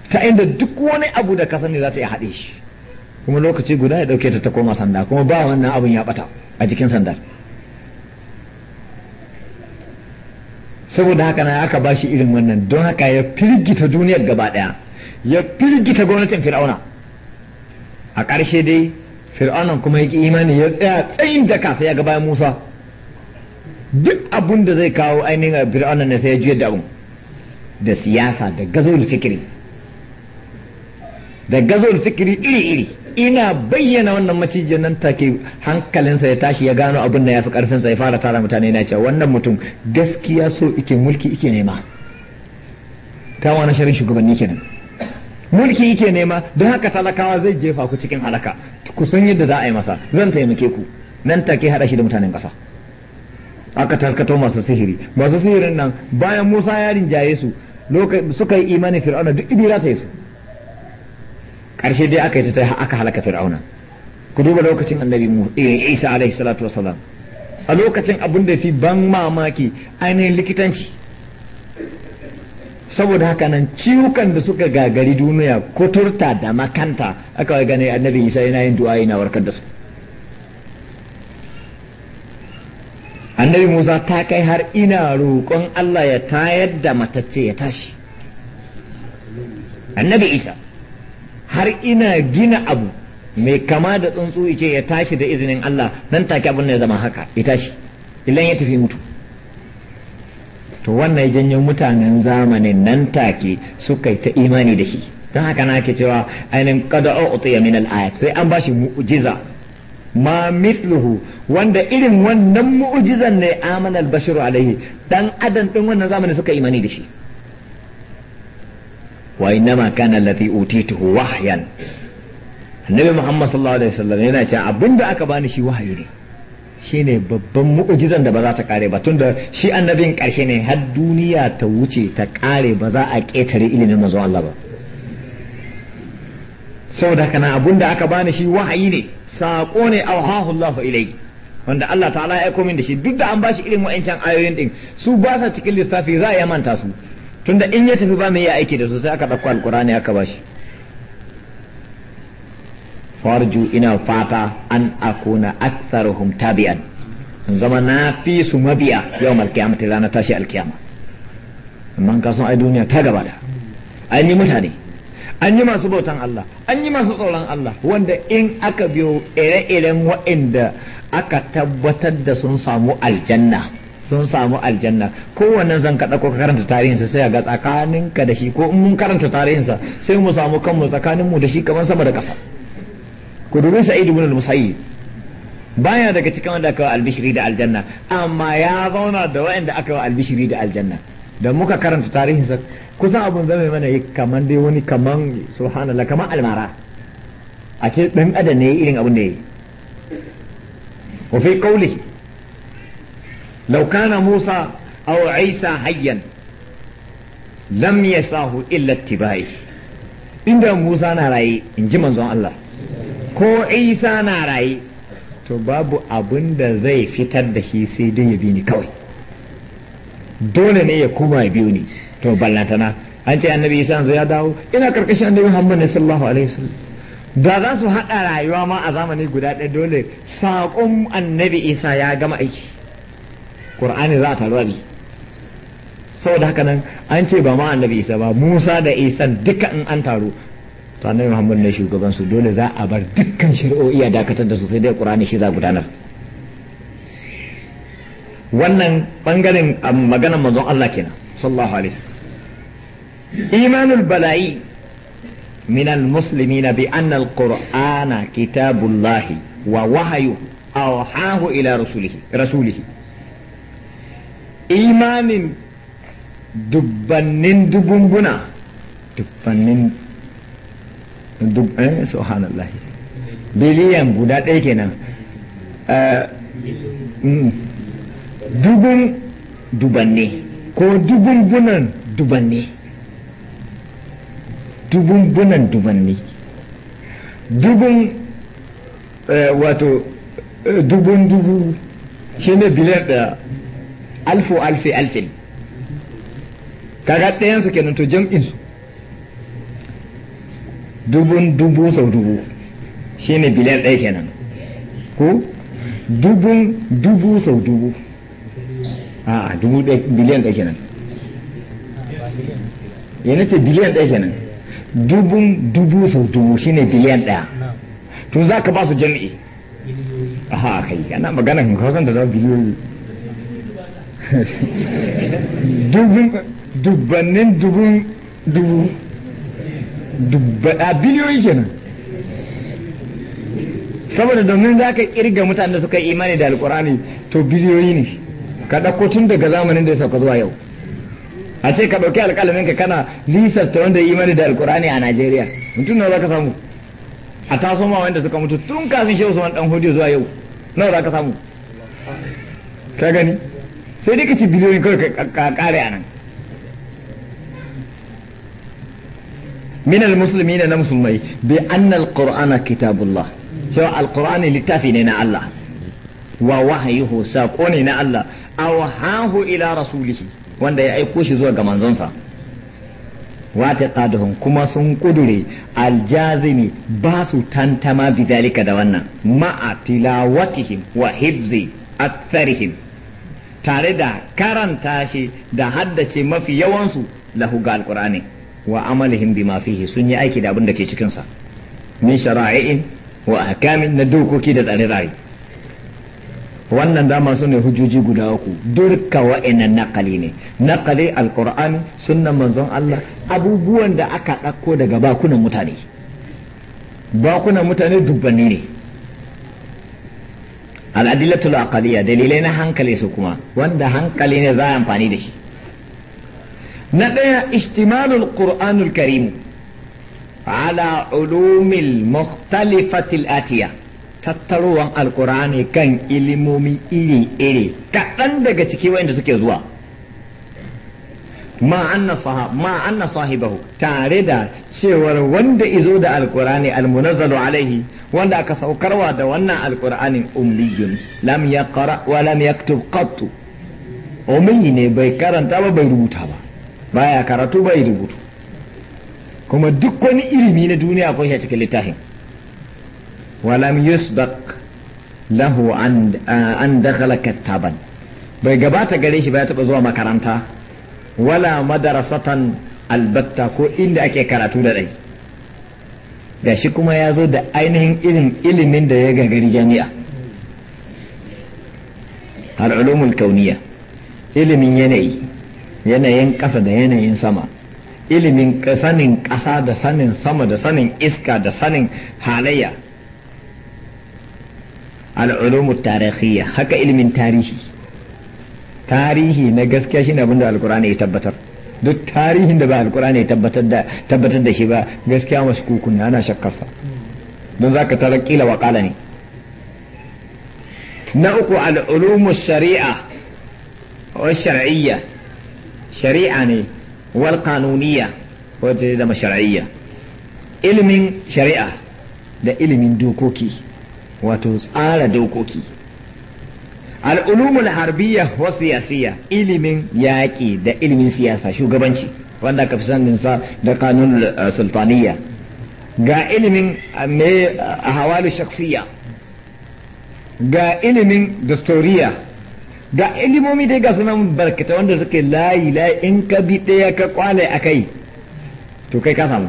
ta inda duk wani abu da ka sani za ta yi haɗe shi kuma lokaci guda ya ɗauke ta ta koma sanda kuma ba wannan abin ya ɓata a jikin sandar saboda haka na aka ba shi irin wannan don haka ya firgita duniyar gaba daya ya firgita gwamnatin fir'auna a ƙarshe dai fir'aunan kuma ya ƙi imani ya tsaya tsayin da kasa ya gabaya musa duk abun da zai kawo ainihin fir'aunan na sai ya juya da abun da siyasa da gazo fikiri da gazo fikiri iri-iri ina bayyana wannan macijin nan take hankalinsa ya tashi ya gano abin da ya fi karfinsa ya fara tara mutane yana cewa wannan mutum gaskiya so ike mulki ike nema ta wani shirin shugabanni kenan mulki yake nema don haka talakawa zai jefa ku cikin halaka ku san yadda za a yi masa zan taimake ku nan take hada shi da mutanen ƙasa aka tarkato masu sihiri masu sihirin nan bayan musa ya rinjaye su suka yi imanin fir'auna duk ibira ta yi su karshe dai aka yi ta aka halaka fir'auna ku duba lokacin annabi mu eh, isa alaihi salatu wasalam a lokacin abin da fi ban mamaki ainihin likitanci saboda haka nan ciwukan da suka gagari duniya kuturta da makanta aka gane annabi isa yana yin du'a yana warkar da su annabi musa ta kai har ina roƙon allah ya tayar da matacce ya tashi annabi isa har ina gina abu mai kama da tsuntsu ice ya tashi da izinin Allah nan take abin ya zama haka ya tashi idan ya tafi mutu to wannan janyo mutanen zamanin nan take suka yi ta imani da shi don haka na ke cewa ainihin kada utiya min al-ayat sai an bashi mu'jiza ma mithluhu wanda irin wannan mu'ujizan ne amanal bashiru alaihi dan adam din wannan zamanin suka imani da shi wa innama kana allati utituhu wahyan annabi muhammad sallallahu alaihi wasallam yana cewa abinda aka bani shi wahayi ne shine babban mu'ujizan da ba za ta kare ba tunda shi annabin karshe ne har duniya ta wuce ta kare ba za a ketare ilimin manzon Allah ba saboda kana abinda aka bani shi wahayi ne saƙo ne auhahu Allah ilai wanda Allah ta'ala ya aiko min da shi duk da an shi ilimin wa'ancan ayoyin din su ba sa cikin lissafi za a manta su tunda in ya tafi ba mai ya aiki da su sai aka ɗauko alkurani aka bashi farju ina fata an akuna aktharuhum tabi'an zama na fi su mabiya yau malkiyamata rana tashi alkiyama amma ka san ai duniya ta gabata an yi mutane an yi masu bautan Allah an yi masu tsoron Allah wanda in aka biyo ire-iren waɗanda aka tabbatar da sun samu aljanna sun samu aljanna kowanne zan kaɗa ko ka karanta tarihinsa sai ga tsakaninka da shi ko in mun karanta tarihinsa sai mu samu kanmu tsakaninmu da shi kamar sama da ƙasa ku dubi sa'id ibn al-musayyib baya daga cikin wanda aka albishiri da aljanna amma ya zauna da waɗanda aka wa albishiri da aljanna da muka karanta tarihinsa kusan abun zama mana yi kaman dai wani kaman subhanallah kaman almara a ce dan adam ne irin abun da yi wa fi qawlihi لو كان موسى أو عيسى حيا لم يساه إلا اتباعي عند موسى نراي إن جمع الله ko isa na raye to babu abin da zai fitar da shi sai dai ya bi ni kawai dole ne ya koma biyu ni to ballantana an ce annabi isa ya dawo ina da za su haɗa rayuwa ma a zamani guda ɗaya dole saƙon annabi isa ya gama aiki qur'ani za a taru abi saboda haka nan an ce ba ma annabi isa ba musa da isa duka in an taru to annabi muhammad ne shugaban su dole za a bar dukkan shari'o'i a dakatar da su sai dai qur'ani shi za a gudanar wannan bangaren um, maganar manzon Allah kenan sallallahu alaihi imanul bala'i من المسلمين بأن القرآن كتاب الله ووحيه أوحاه إلى رسوله رسوله imanin dubbannin dubumbuna dubbannin dubbannin eh, subhanallah biliyan guda ɗaya kenan eh, mm, dubun dubanne ko dubumbunan dubanne dubumbunan dubanne dubun eh, wato dubun dubu shine biliyan ɗaya alfu alfi alfin kaga ɗayan su kenan to jam'in su dubun dubu sau dubu shine biliyan ɗaya kenan ko dubun dubu sau dubu a dubu biliyan ɗaya kenan yana ce biliyan ɗaya kenan dubun dubu sau dubu shine biliyan ɗaya to za ka ba su jami'i aha kai ana maganar hausan da za biliyoyi dubbannin dubun dubu a biliyoyi kenan saboda domin za ka kirga mutanen da suka yi imani da alkurani to biliyoyi ne ka ɗauko tun daga zamanin da ya sauka zuwa yau a ce ka ɗauki alƙalamin ka kana lisafta wanda yi imani da alkurani a najeriya mutum na za ka samu a taso ma wanda suka mutu tun kafin shehu su wani ɗan hudu zuwa yau nawa za ka samu ka gani sai dai ka ci biliyoyin kawai ka kare a nan minal musulmi na musulmai bi annal qur'ana kitabullah cewa alqur'ani littafi ne na Allah wa wahayuhu sako ne na Allah aw hahu ila rasulihi wanda ya aiko shi zuwa ga manzonsa wa taqaduhum kuma sun kudure aljazimi ba su tantama bidalika da wannan tilawatihim wa hibzi aktharihim tare da karanta shi da haddace mafi yawansu lahu ga alkur'ani wa amalihim bima fihi sun yi aiki da abin da ke cikin sa min shara'i'in wa ahkamin na dokoki da tsare-tsare wannan dama su ne hujjoji guda uku durka wa'annan naqali ne naqali alqur'ani sunnan manzon Allah abubuwan da aka ɗauko daga bakunan mutane bakunan mutane dubbanni ne al'adilatul aqaliyya dalilai na hankali su kuma wanda hankali ne za a amfani da shi na ɗaya ishtimalul qur'anul karim ala ulumil mukhtalifatil atiya tattaruwan alqur'ani kan ilimomi iri-iri kaɗan daga ciki wanda suke zuwa ma anna ma anna sahibahu tare da cewar wanda izo da alkur'ani almunazzalu alaihi wanda aka saukarwa da wannan alkur'anin umliyun lam yaqra wa lam yaktub qattu umli ne bai karanta ba bai rubuta ba baya karatu bai rubutu kuma duk wani ilimi na duniya akwai shi cikin littafin wa lam yusbaq lahu an dakhala kattaban bai gabata gare shi ba ya taba zuwa makaranta wala madarasatan albatta ko inda ake karatu da ɗai gashi kuma ya zo da ainihin ilimin da ya gagari jami'a al'ulumul kauniya ilimin yanayi yanayin ƙasa da yanayin sama ilimin sanin ƙasa da sanin sama da sanin iska da sanin halayya al'ulumul tarihiyya haka ilimin tarihi tarihi na gaskiya shine abinda alkur'ani ya tabbatar duk tarihin da ba alkur'ani ya tabbatar da tabbatar da shi ba gaskiya masu kuku ne ana shakkarsa don zaka tara kila wa ne na uku al'ulumu shari'a wa shar'iyya shari'a ne wal qanuniyya wacce zama shar'iyya ilimin shari'a da ilimin dokoki wato tsara dokoki al'ulumul harbiya wa siyasiya ilimin yaƙi da ilimin siyasa shugabanci wanda ka fi sanin sa da kanun uh, sultaniya ga ilimin uh, me hawali uh, shaksiya ga ilimin dastoriya ga ilimomi dai ga sunan barkata wanda suke layi layi in ka bi ɗaya ka kwale akai kai to kai ka samu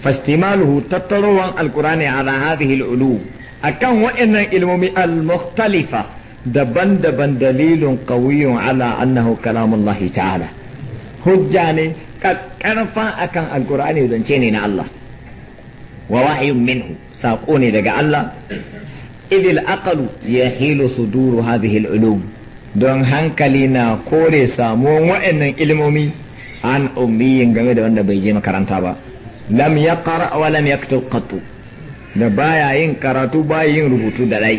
fastimaluhu tattarowan alkurani ala hadhihi al'ulu akan waɗannan ilmomi al-mukhtalifa daban-daban dalilin qawiyun ala annahu kalamullahi ta'ala hujja ne kakkarfa akan alkur'ani zance ne na Allah wa wahyun minhu saƙo ne daga Allah idil aqalu yahilu suduru hadhihi al don hankali na kore samuwan wa'annan ilmomi an ummiyin game da wanda bai je makaranta ba lam ya qara wa lam da baya yin karatu baya yin rubutu da dai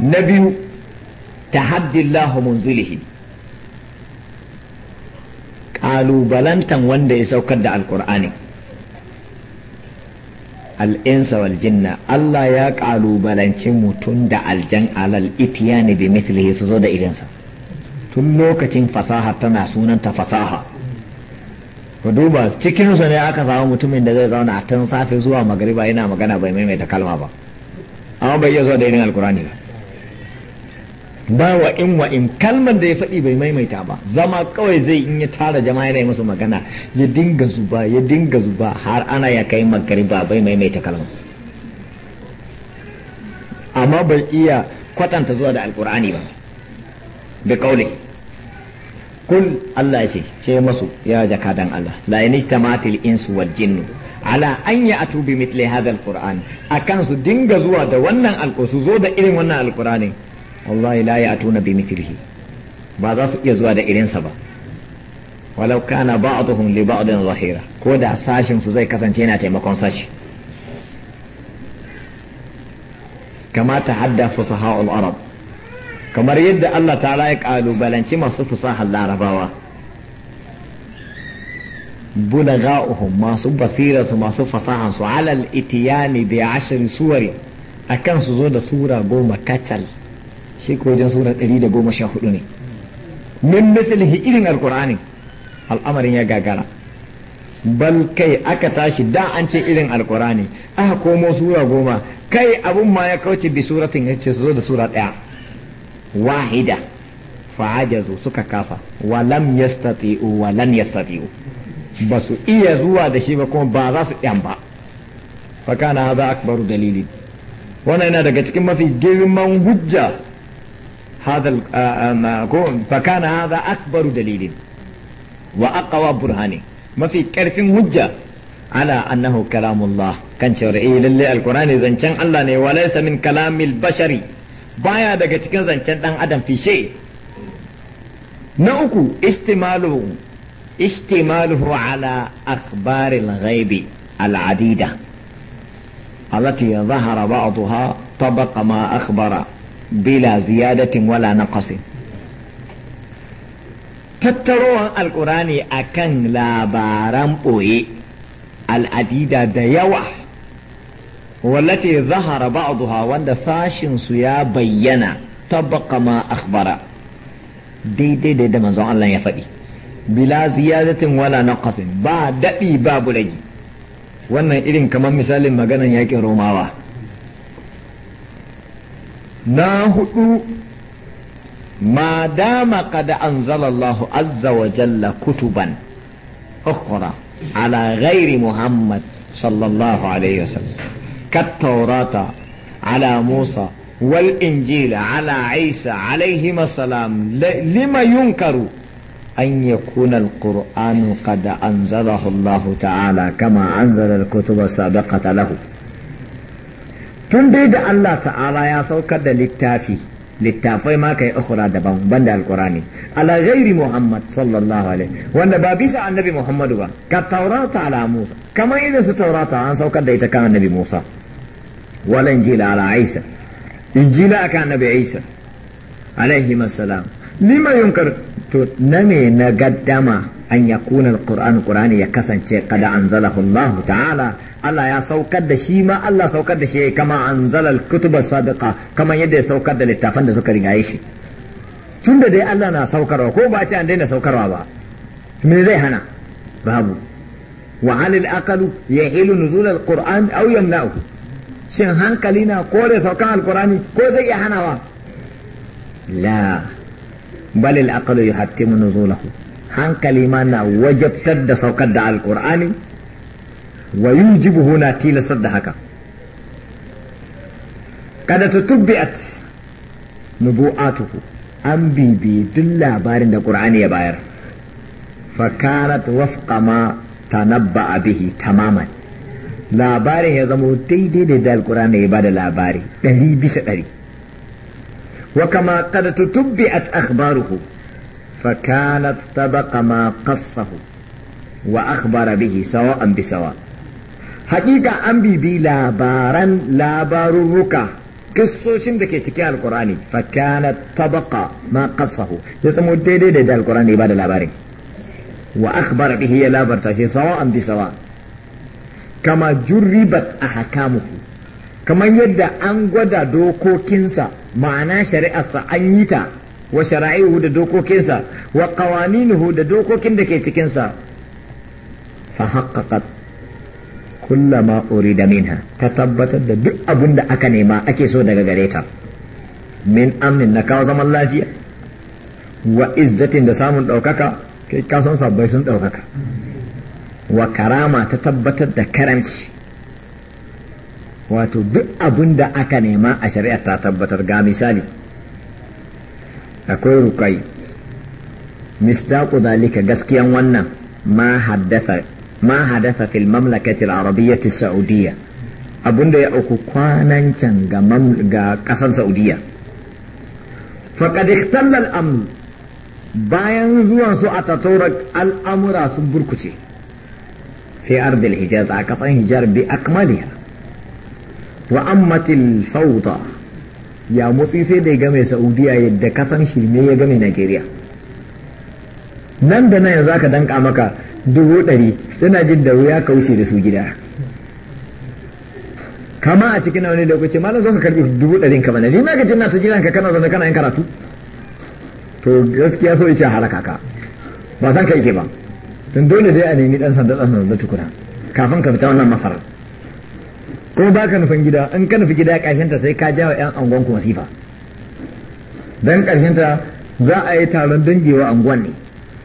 na biyu mun zilihi ƙalubalantan wanda ya saukar da alƙur'ani al'insa wal jinna Allah ya ƙalubalanci mutum da aljan alal itiyani bi mithlihi su zo da irinsa tun lokacin fasaha tana sunanta fasaha ku duba cikinsu ne aka samu mutumin da zai zauna a tun safe zuwa magariba yana magana bai maimaita kalma ba amma bai iya zuwa da irin alkurani ba ba wa in wa in kalmar da ya faɗi bai maimaita ba zama kawai zai in ya tara jama'a yana masu magana ya dinga zuba ya dinga zuba har ana ya kai magariba bai maimaita kalmar amma bai iya kwatanta zuwa da alkur'ani ba da kaule kul Allah ce ce masu ya dan Allah la yanistamatil insu wal jinnu ala an ya atubi mitle hadha alquran akan su dinga zuwa da wannan alqur'ani zo da irin wannan alkur'ani wallahi la ya'tuna bi mithlihi ba za su iya zuwa da irinsa ba walau kana ba'dhum li ba'din zahira ko da sashin su zai kasance yana taimakon sashi kama hadda fusaha'ul arab kamar yadda Allah ta'ala ya kalubalanci masu fusahar larabawa bulagha'uhum masu basira su masu fasahan su alal itiyani bi ashri suwari akan su zo da sura goma kacal shi ko wajen sura 114 ne min mislihi irin alqur'ani al'amarin ya gagara bal kai aka tashi da an ce irin alqur'ani aka komo sura goma kai abun ma ya kauce bi suratin ya ce su zo da sura daya wahida fa'ajazu suka kasa wa lam yastati'u wa lan yastati'u ba su iya zuwa da shi ba kuma ba za su ɗan ba fa kana haza akbaru dalili wannan yana daga cikin mafi girman hujja هذا فكان هذا أكبر دليل وأقوى برهان ما في كرف هجة على أنه كلام الله كان شرعي للي القرآن زنشان الله ني وليس من كلام البشري بايا daga cikin zancen dan adam fi shay na uku istimaluhu istimaluhu ala akhbar al-ghaibi al-adida التي ظهر بعضها طبق ما أخبر bila ziyadatin wala naqasin tattarowar alkurani a kan labaran ɓoye al'adida da yawa wallace zahara ba'duha wanda sashinsu ya bayyana tabbaka ma akhbara daidai da manzon Allah ya faɗi bila ziyadatin wala na naqasin ba daɗi babu ragi wannan irin kamar misalin maganan yaƙin romawa na hudu ma dama qad anzala Allahu azza wa jalla kutuban ukhra ala ghairi Muhammad sallallahu alaihi wasallam كالتوراة على موسى والإنجيل على عيسى عليهما السلام لما ينكر أن يكون القرآن قد أنزله الله تعالى كما أنزل الكتب السابقة له tun dai da Allah ta'ala ya saukar da littafi littafai ma kai ukhra daban banda alqurani ala ghairi muhammad sallallahu alaihi wanda ba bisa annabi muhammadu ba ka taurata ala musa kamar idan su taurata an saukar da ita kan annabi musa wala injila ala isa injila kan annabi isa alaihi assalam lima yunkar to na me na gaddama an yakuna alquran qurani ya kasance kada anzalahu allah ta'ala Allah ya saukar da shi ma Allah saukar da shi kama anzalal kutubar sadaka kama yadda ya saukar da littafan da suka rigaye shi tunda dai Allah na saukarwa ko ba ce an daina saukarwa ba me zai hana babu wa halil aqalu yahilu nuzul alquran aw yamna'u shin hankali na kore saukan alqurani ko zai iya hanawa la bal alaqalu yuhattimu nuzulahu hankali ma na wajabtar da saukar da alqurani wa yujibu huna tilasar da haka kada tutubbi'at nubu'atuhu an bibi duk labarin da ƙur'ani ya bayar fakanat wafqa ma tanabba'a bihi tamaman labarin ya zamo daidai da da alƙur'ani ya bada labari ɗari bisa ɗari wa kama kada tutubbi'at akhbaruhu fakanat tabaqa ma qassahu wa akhbara bihi sawa'an bisawa' haƙiƙa an bibi labaran labarurruka kissoshin da ke cikin alkurani fakana tabaka ma kasahu ya tsamo daidai da alkurani ba da labarin wa akhbara bihi ya labarta shi sawa an bi sawa kama jurribat ahkamuhu kamar yadda an gwada dokokinsa ma'ana shari'arsa an yi ta wa shara'ihu da dokokinsa wa qawaninuhu da dokokin da ke cikinsa fa haqqaqat kullama urida minha ta tabbatar da duk abin da aka nema ake so daga gare ta min amnin na kawo zaman lafiya wa izzatin da samun ɗaukaka kai kasan sabbai sun ɗaukaka wa karama ta tabbatar da karamci wato duk abin da aka nema a shari'ar ta tabbatar ga misali akwai rukai mistaku zalika gaskiyan wannan ma haddasa ma hadasa fil mamlakati al-arabiyyati saudiyya abinda ya auku kwanan can ga ga saudiya saudiyya faqad bayan zuwan su a tatorak al'amura sun burkuce fi ardil hijaz a ƙasan hijar bi akmaliha wa ammatil ya mutsi sai da ya game saudiya yadda kasan shirme ya game najeriya nan da nan yanzu aka danka maka dubu ɗari yana jin da wuya ka wuce da su gida kama a cikin wani lokaci malam zo ka karbi dubu ɗarin ka mana ni ma ka jinna ta jiran ka kana zaune kana yin karatu to gaskiya so yace halaka ka ba san kai ke ba dan dole dai a nemi dan sanda dan sanda tukuna kafin ka fita wannan masara ko ba ka nufin gida in ka nufi gida ƙarshen ta sai ka wa yan angon ku masifa dan ƙarshen ta za a yi taron dangewa angon ne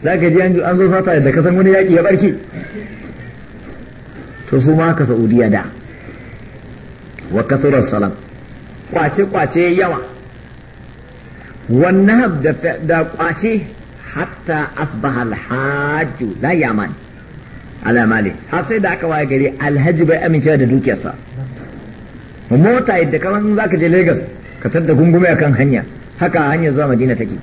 za ka ji an zo sata da kasan wani yaƙi ya barke to su ma ka saudiya da wa kasurar salam kwace kwace yawa wannan da kwace hatta asbaha alhaju la yaman ala mali har sai da aka waye gari alhaji bai amince da dukiyarsa mota yadda kaman zaka je Lagos ka tadda gungume kan hanya haka hanyar zuwa Madina take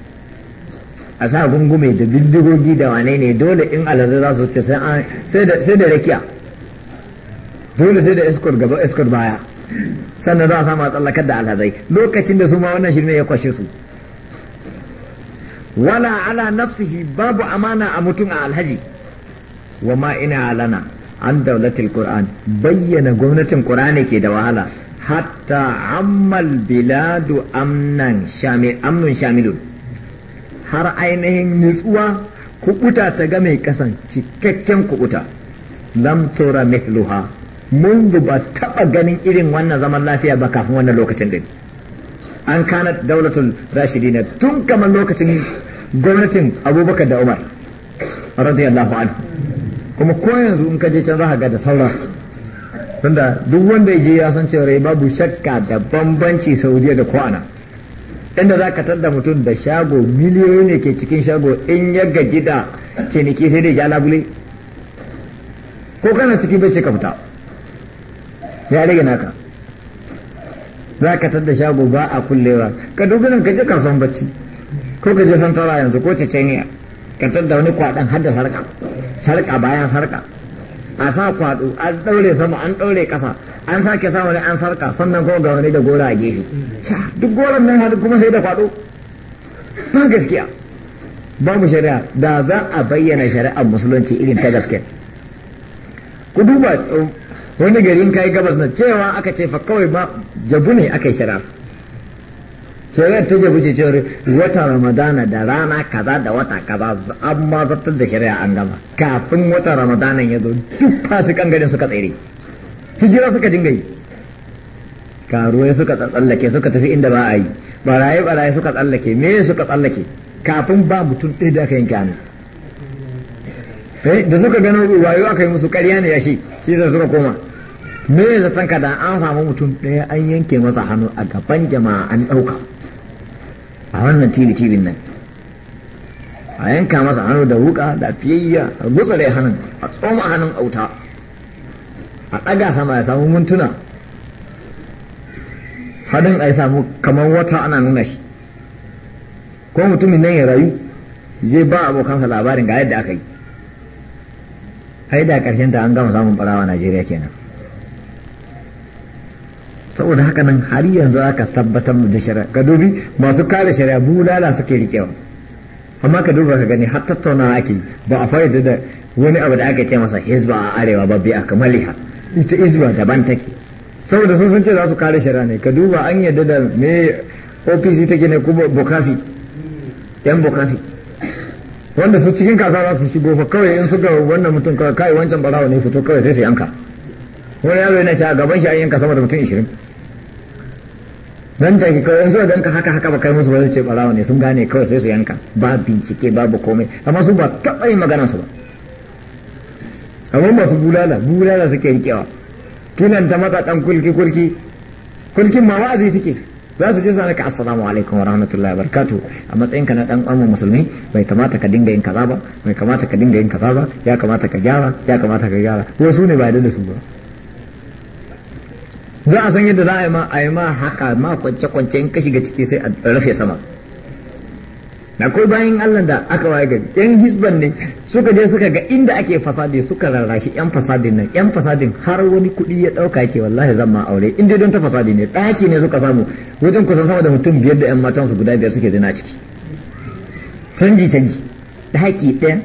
a sa gungume da diddigogi da wane ne dole in alazai za su wuce sai da rakiya dole sai da escort gaba escort baya sannan za a samu tsallakar da alhazai lokacin da su ma wannan shirme ya kwashe su wala ala nafsihi babu amana a mutum a alhaji wa ma ina alana an daulatil qur'an bayyana gwamnatin qur'ani ke da wahala hatta ammal biladu amnan shamil amnun shamilun har ainihin nutsuwa kubuta ta ga mai kasan cikakken kubuta lam tura mithluha mun ba taba ganin irin wannan zaman lafiya ba kafin wannan lokacin din an kana daulatul rashidina tun kamar lokacin gwamnatin abubakar da umar radiyallahu anhu kuma ko yanzu in ka je can za ga da saura tunda duk wanda ya je ya san cewa babu shakka da bambanci saudiya da ko ana inda za ka tadda mutum da shago miliyoyi ne ke cikin shago in ya gaji da ciniki sai dai ja labule ko kana ciki bai ce ka fita ya rage naka za ka tadda shago ba a kullewa ka doganin ka je kasuwan bacci ko ka je santara yanzu ko ceceniya ka tadda wani kwaɗan har da sarka sarka bayan sarka a sa kwaɗo an ɗaure sama an ɗaure ƙasa an sake sa wani an sarka sannan kuma ga da gora a gefe duk goron nan hadu kuma sai da kwaɗo ba gaskiya babu shari'a da za a bayyana shari'ar musulunci irin ta gaske ku duba uh, wani garin kai gabas na cewa aka ce fa kawai ba jabu ne aka yi shari'a yadda ta jabi ce wata ramadana da rana kaza da wata kaza an ma zartar da shari'a an gama kafin wata ramadanan ya zo duk kan garin suka tsere hijira suka dinga yi karuwai suka tsallake suka tafi inda ba a yi baraye baraye suka tsallake me suka tsallake kafin ba mutum ɗaya da aka yanke hannu eh, da suka gano wayo aka yi musu ƙarya ne ya shi shi sai suka koma me zaton ka da an samu mutum ɗaya an yanke masa hannu a gaban jama'a an ɗauka wannan tibi tibin nan a yanka masa hannu da wuka da fiyayya a gutsare hannun a tsoma hannun auta a ɗaga sama ya samu muntuna hadin a samu kamar wata ana nuna shi ko mutumin nan ya rayu zai ba abokansa labarin ga yadda aka yi haida ƙarshen ta an gama samun barawa najeriya kenan saboda haka nan har yanzu aka tabbatar da shari'a ka dubi masu kare shari'a bulala suke rikewa amma ka duba ka gani har tattauna ake ba a fayyada da wani abu da aka ce masa hizba a arewa ba biya a liha ita hizba daban take saboda sun san ce za su kare shari'a ne ka duba an yadda da me opc ta gina kuma bokasi yan bokasi wanda su cikin kasa za su shigo fa kawai in suka wannan mutum kawai wancan barawa ne fito kawai sai su yanka wani yaro yana ci a gaban shi an yanka sama da mutum ishirin nan take kawai su ganka haka haka ba kai musu ba zai ce barawa ne sun gane kawai sai su yanka ba bincike babu komai amma su ba taɓa yin magana su ba amma masu bulala bulala suke rikewa kilan ta matsa dan kulki kulki kulkin ma wa'azi suke za su je su naka assalamu alaikum wa rahmatullahi wa barakatuh a matsayin ka na dan uwan musulmi bai kamata ka dinga yin kaza ba bai kamata ka dinga yin kaza ba ya kamata ka gyara ya kamata ka gyara wasu ne ba da su ba za a san yadda za a yi ma a yi ma haka ma kwance kwance in ka shiga ciki sai a rufe sama akwai bayan Allah da aka waye gari yan hisban ne suka je suka ga inda ake fasadi suka rarrashi yan fasadin nan yan fasadin har wani kuɗi ya ɗauka yake wallahi zan ma aure in dai don ta fasadi ne ɗaki ne suka samu wajen kusan sama da mutum biyar da yan matansu guda biyar suke zina ciki canji canji Da haƙi ɗaya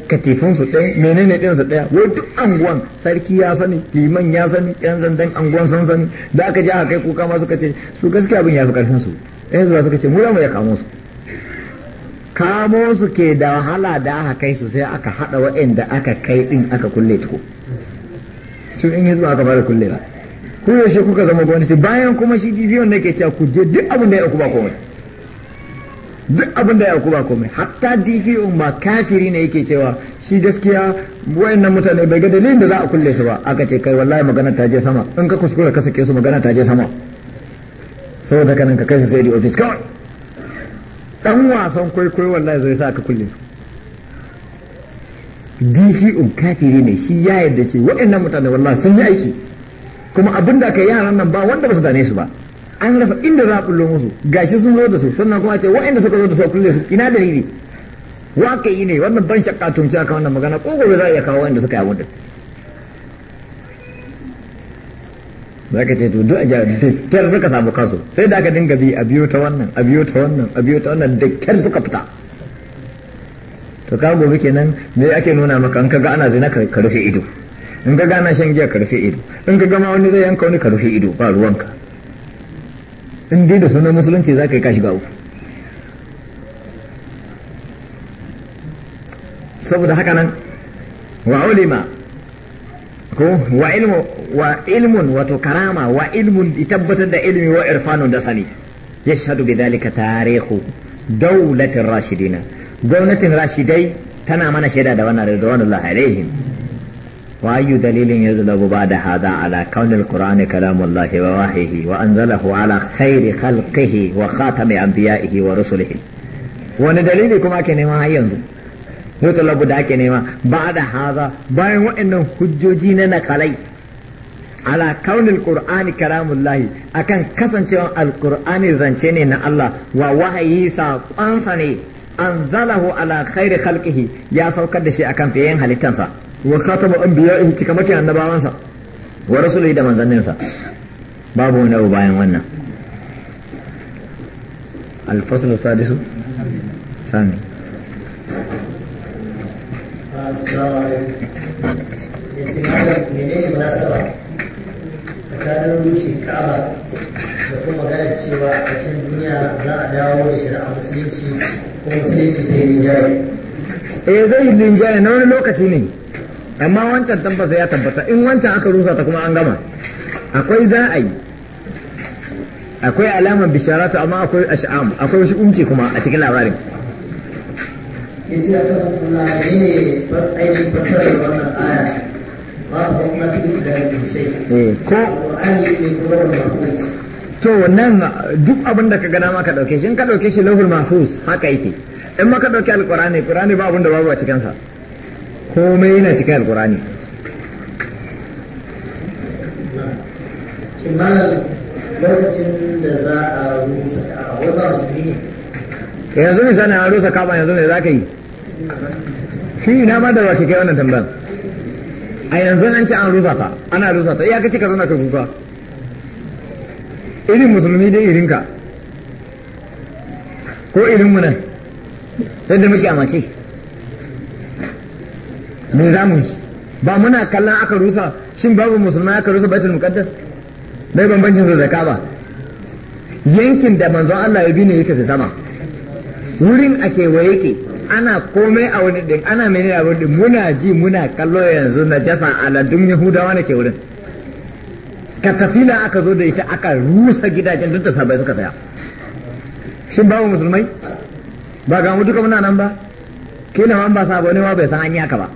su ɗaya menene ɗinsu ɗaya wai duk anguwan sarki ya sani liman ya sani ɗan zandan anguwan san sani da aka ji aka kai kuka ma suka ce su gaskiya abin ya fi ƙarfin su ɗayan zuwa suka ce mu mu ya kamo su kamo su ke da wahala da aka kai su sai aka haɗa waɗanda aka kai ɗin aka kulle tuku su in yi zuwa aka fara kulle ba ku yaushe kuka zama gwamnati bayan kuma shi dvn ne ke cewa ku je duk abin da ya ɗauku ba komai duk abin da ya ba komai hatta dfo ba kafiri ne yake cewa shi gaskiya nan mutane bai ga dalilin da za a kulle su ba aka ce kai wallahi magana ta je sama in ka kuskura ka sake su magana ta je sama saboda kanan ka kai su sai di office kawai dan wasan kwaikwayo wallahi zai sa ka kulle su dfo kafiri ne shi ya yarda ce nan mutane wallahi sun yi aiki kuma abin da ka yaran nan ba wanda ba su dane su ba an rasa inda za a kullo musu gashi sun zo da su sannan kuma ce wa'anda suka zo da su a kulle su ina wa ka yi ne wannan ban shakka tumci ka wannan magana ko gobe za a iya kawo wa'anda suka yi abin za ka ce to duk a kyar suka samu kansu sai da aka dinga bi a biyo ta wannan a biyo ta wannan a biyo ta wannan da kyar suka fita to ka gobe kenan me ake nuna maka in kaga ana zina ka rufe ido in kaga ana shan giya ka rufe ido in kaga ma wani zai yanka wani ka rufe ido ba ruwanka in dai da sunan musulunci za ka yi kashi gawo saboda haka nan wa ulima ko wa ilmu wa ilmun wato karama wa ilmun tabbatar da ilmi wa irfanu da sani yashhadu bidhalika tarihu daulatin rashidina gwamnatin rashidai tana mana shaida da wannan radwanullahi alaihim وأي دليل يغلب بعد هذا على كون القرآن كلام الله ووحيه وأنزله على خير خلقه وخاتم أنبيائه ورسله wani dalili kuma ake nema har yanzu mutalabu da ake nema ba da haza bayan waɗannan hujjoji na nakalai ala kaunin qur'ani kalamullahi akan kasancewan alkur'ani zance ne na Allah wa wahayi saƙonsa ne anzalahu ala khairi khalqihi ya saukar da shi akan fiyayen halittansa wa khatamu anbiya'ihi cikamakin annabawansa wa rasulihi da manzanninsa babu wani abu bayan wannan Ya ce الفصل السادس ne السلام عليكم menene munasaba tsakanin rushe ka'aba da kuma magana cewa a cikin duniya za a dawo da shari'a musulunci ko musulunci ne zai rinjaye eh zai yi rinjaye na wani lokaci ne amma wancan tabbas ya tabbata in wancan aka rusa ta kuma an gama akwai za a yi akwai alamar bisharatu amma akwai ash'am akwai wasu umce kuma a cikin labarin yace a ne ainihin wannan ya eh, ko to nan duk abin da ka gana ma ka dauke shi in ka dauke shi lahul mahfuz haka yake in ma ka dauke alqurani ƙur'ani ba abin da babu a cikinsa komai yana cikin alkurani Yanzu da a rusa ne yanzu misali rusa kaba yanzu ne za ka yi shi na ma da wace kai wannan tambayar a yanzu an ce an rusa ta ana rusa ta iya kace ka zauna ka kuka irin musulmi dai irinka ko irin munan nan yadda muke amace me za mu yi ba muna kallon aka rusa shin babu musulma aka rusa baitul muqaddas bai bambancin su da ba yankin da manzo Allah ya bi ne ya tafi sama wurin a kewaye yake ana komai a wani din ana mene a wani muna ji muna kallo yanzu na jasa aladun yahudawa na ke wurin katafila aka zo da ita aka rusa gidajen duk da sabai suka saya shin babu musulmai ba ga mu duka muna nan ba kila ma ba sabo ne ma bai san an yi ba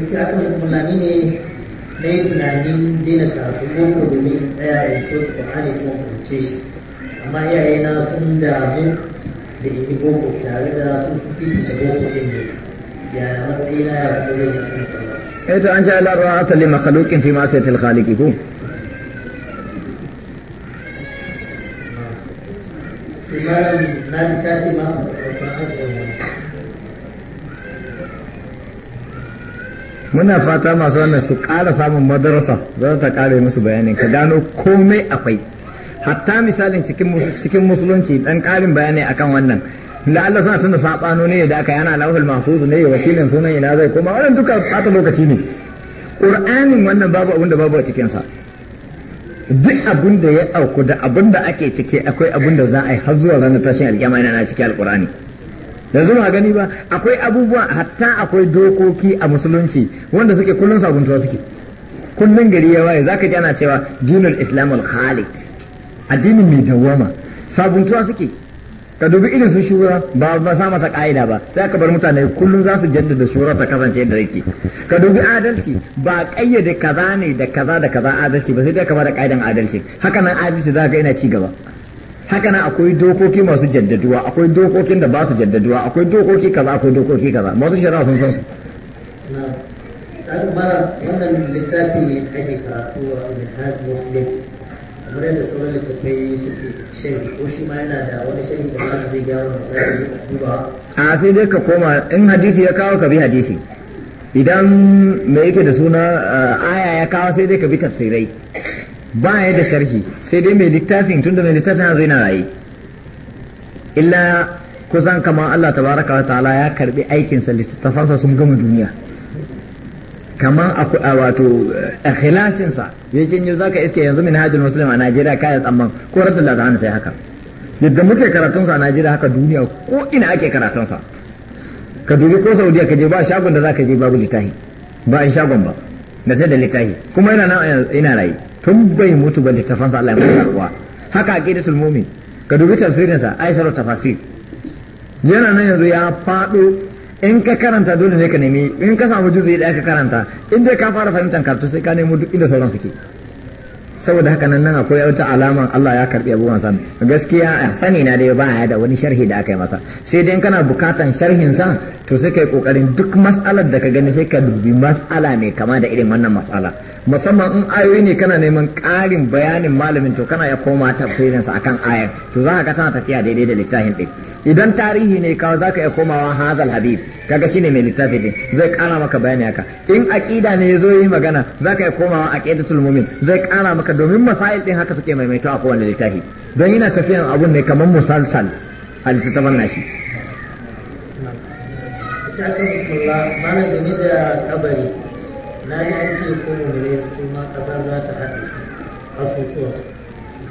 littérature étrangère ne ne tunanin daina karatu boko domin tsaya ya so Qur'ani kuma fahimce shi amma iyayena sun damu da in boko tare da sun fi da boko din ne ya matsayina ya kuma zai yi kuma to an sha Allah ra'ata li makhluqin fi ma'siyatil khaliqi ko sai ma na ta ce ma muna fata masu wannan su ƙara samun madarasa za ta kare musu bayanin ka gano komai akwai hatta misalin cikin musulunci dan ƙarin bayani akan wannan da Allah suna tunda saɓano ne da aka yana lauhul mahfuz ne wakilin sunan ina zai koma wannan duka fata lokaci ne ƙur'anin wannan babu abinda babu a cikinsa duk abin da ya auku da abin da ake ciki akwai abin da za a yi har zuwa ranar tashin alƙiyama yana na cikin alƙur'ani yanzu ba gani ba akwai abubuwa hatta akwai dokoki a musulunci wanda suke kullun sabuntuwa suke kullun gari ya waye zaka ji ana cewa dinul islam al khalid addinin mai dawama sabuntuwa suke ka dubi irin su shura ba ba sa masa ka'ida ba sai aka bar mutane kullun za su jaddada shura ta kasance da yake ka dubi adalci ba kayyade kaza ne da kaza da kaza adalci ba sai dai ka bada ka'idan adalci hakanan adalci za ka ina ci gaba haka nan akwai dokoki masu jaddaduwa akwai dokokin da ba su jaddaduwa akwai dokoki kaza akwai dokoki kaza masu shari'a sun san su wannan littafi ne ake karatu a Minhaj Muslim kamar yadda sauran littattafai suke shari ko shi ma yana da wani shari da ma zai gyara misali duba a sai dai ka koma in hadisi ya kawo ka bi hadisi idan me yake da suna aya ya kawo sai dai ka bi tafsirai ba ya da sharhi sai dai mai littafin tunda mai littafin yanzu yana raye illa kusan kamar Allah tabaraka wa ta'ala ya karbi aikinsa littafansa sun gama duniya kamar a wato sa ya janyo zaka iske yanzu min hajjul muslim a Najeriya kai tsamman ko radul lazan sai haka yadda muke karatun sa a Najeriya haka duniya ko ina ake karatun sa ka dubi ko Saudiya ka je ba shagon da zaka je babu littafi ba in shagon ba na sai da littafi kuma yana nan ina rayi. tun bai mutu ba tafansa Allah ya mutu ruwa haka aqidatul mu'min ka dubi tafsirinsa aisharu tafasir yana nan yanzu ya faɗo in ka karanta dole ne ka nemi in ka samu juzi da ka karanta in dai ka fara fahimtar karatu sai ka nemo duk inda sauran suke saboda haka nan nan akwai wata alama Allah ya karbi abubuwan san gaskiya a sani na dai ba ya da wani sharhi da aka yi masa sai dai kana bukatan sharhin sa to sai kai kokarin duk mas'alar da ka gani sai ka dubi mas'ala mai kama da irin wannan mas'ala musamman in ayoyi ne kana neman ƙarin bayanin malamin to kana ya koma tafsirinsa akan ayar to za ka tana tafiya daidai da littafin ɗin idan tarihi ne kawo za ka iya komawa hazal habib kaga shine mai littafi ɗin zai ƙara maka bayani haka in aƙida ne ya zo yi magana za ka iya komawa aqidatul tulmumin zai ƙara maka domin masail ɗin haka suke maimaito a kowane littafi don yana tafiyan abun ne kamar musalsal a littattafan nashi. Ita kan kula, mana da kabari na yi an ce ko mulmule su ma ƙasa za ta haɗe su asusuwansu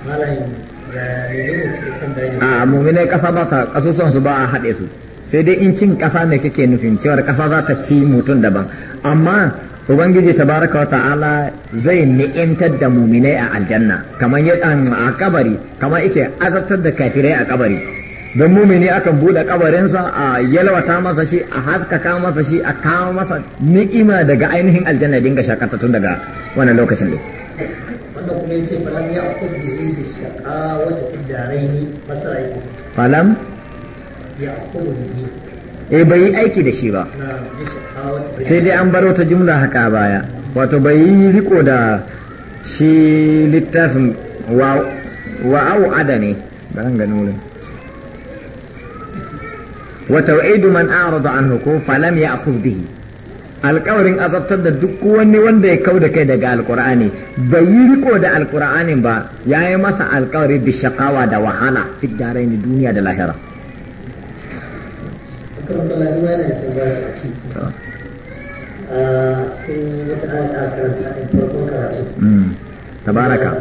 malayin da ne cikakken bayani a mulmule ƙasa ba ta su ba a haɗe su sai dai in cin ƙasa ne kake nufin cewar ƙasa za ta ci mutum daban amma ubangiji tabaraka wa ta'ala zai ni'imtar da muminai a aljanna kamar yadda a kabari kamar yake azabtar da kafirai a kabari don mumini akan buɗe kabarinsa a yalwata masa shi a haskaka masa shi a kawo masa ni'ima daga ainihin aljanna dinga shakata tun daga wannan lokacin ne wanda kuma yace falam ya kudu da shaka wata idaraini falam ya kudu eh bai yi aiki da shi ba sai dai an baro ta jumla haka baya wato bai yi riko da shi littafin wa wa'au adane baran ganin wurin wa tau'idu man arada anhu ko falam ya'khudh bihi alƙawarin azabtar da duk wani wanda ya kau da kai daga alƙur'ani bai yi riko da alƙur'anin ba ya yi masa alƙawari bi shakawa da wahala fi daraini duniya da lahira tabaraka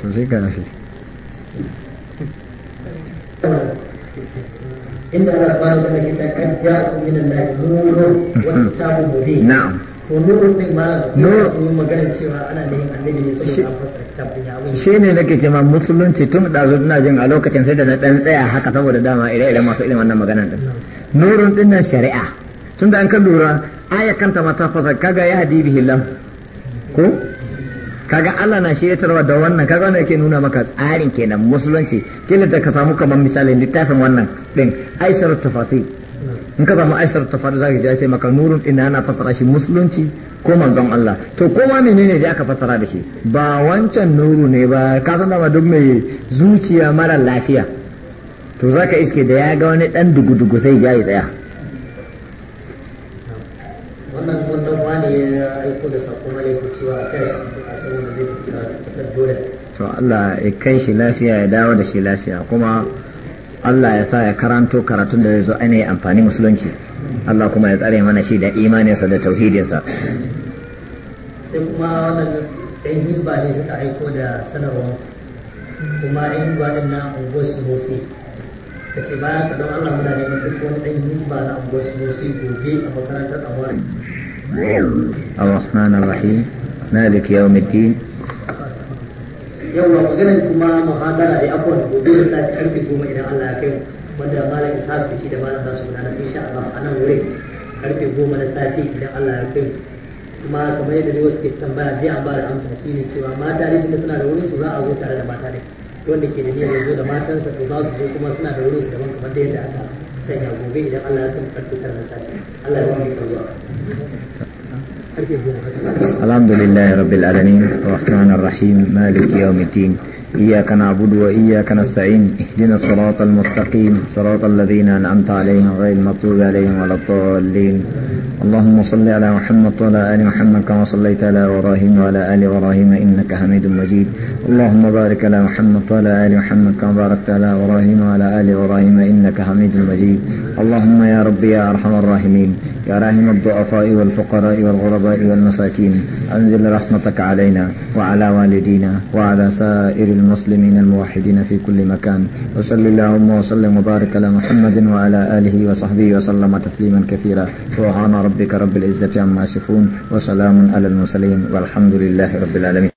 to shi kana shi inda Allah subhanahu wa ta'ala ke cewa kad ja'akum min Allah nurun wa kitabun mubin na'am to nurun din malam da su magana cewa ana da yin annabi ne sai a fasara kitabun ya wani shi ne nake cewa musulunci tun da zo ina jin a lokacin sai da na dan tsaya haka saboda dama ire-iren masu irin wannan magana din nurun din nan shari'a tun da an ka lura aya kanta mata ta fasara kaga ya hadi bihi ko kaga Allah na shiryatarwa da wannan kaga wannan yake nuna maka tsarin kenan musulunci kila da ka samu kamar misalin littafin wannan din aisharu tafasil in ka samu aisharu tafasil zaka ji sai maka nurun din yana fasara shi musulunci ko manzon Allah to ko ma menene da aka fasara da shi ba wancan nuru ne ba ka san dama duk mai zuciya mara lafiya to zaka iske da ya ga wani dan dugudugu sai ya tsaya Allah ya kai shi lafiya ya dawo da shi lafiya kuma Allah ya sa ya karanto karatun da zai zo ainihin amfani musulunci Allah kuma ya tsare mana shi da imaninsa da tauhidinsa sai kuma wannan ɗan hizba ne suka aiko da sanarwa kuma ɗan hizba ɗin na unguwar su hosi suka ce bayan ka don Allah muna neman duk wani ɗan hizba na unguwar su hosi gobe a makarantar Awari. الرحمن الرحيم مالك يوم الدين yawa maganar kuma muhadara ya akwai gobe ya sa karfe goma idan Allah ya kai wanda malam Ishaq shi da malam Basu na insha Allah a nan wurin karfe goma na sati idan Allah ya kai kuma kamar yadda dai wasu ke tambaya je an ba da amsa ne cewa mata ne tunda suna da wurin su za a zo tare da mata ne wanda ke da niyyar zo da matansa to za su zo kuma suna da wurin su daban kamar da yadda aka sanya gobe idan Allah ya kai karfe tara na sati Allah ya wani karzuwa الحمد لله رب العالمين الرحمن الرحيم مالك يوم الدين إياك نعبد وإياك نستعين اهدنا الصراط المستقيم صراط الذين أنعمت عليهم غير المطلوب عليهم ولا الضالين اللهم صل على محمد وعلى آل محمد كما صليت على إبراهيم وعلى آل إبراهيم إنك حميد مجيد اللهم بارك على محمد وعلى آل محمد كما باركت على إبراهيم وعلى آل إبراهيم إنك حميد مجيد اللهم يا ربي يا أرحم الراحمين يا راحم الضعفاء والفقراء والغرباء والمساكين أنزل رحمتك علينا وعلى والدينا وعلى سائر المسلمين الموحدين في كل مكان وصل اللهم وسلم وبارك على محمد وعلى آله وصحبه وسلم تسليما كثيرا سبحان ربك رب العزة عما يصفون وسلام على المرسلين والحمد لله رب العالمين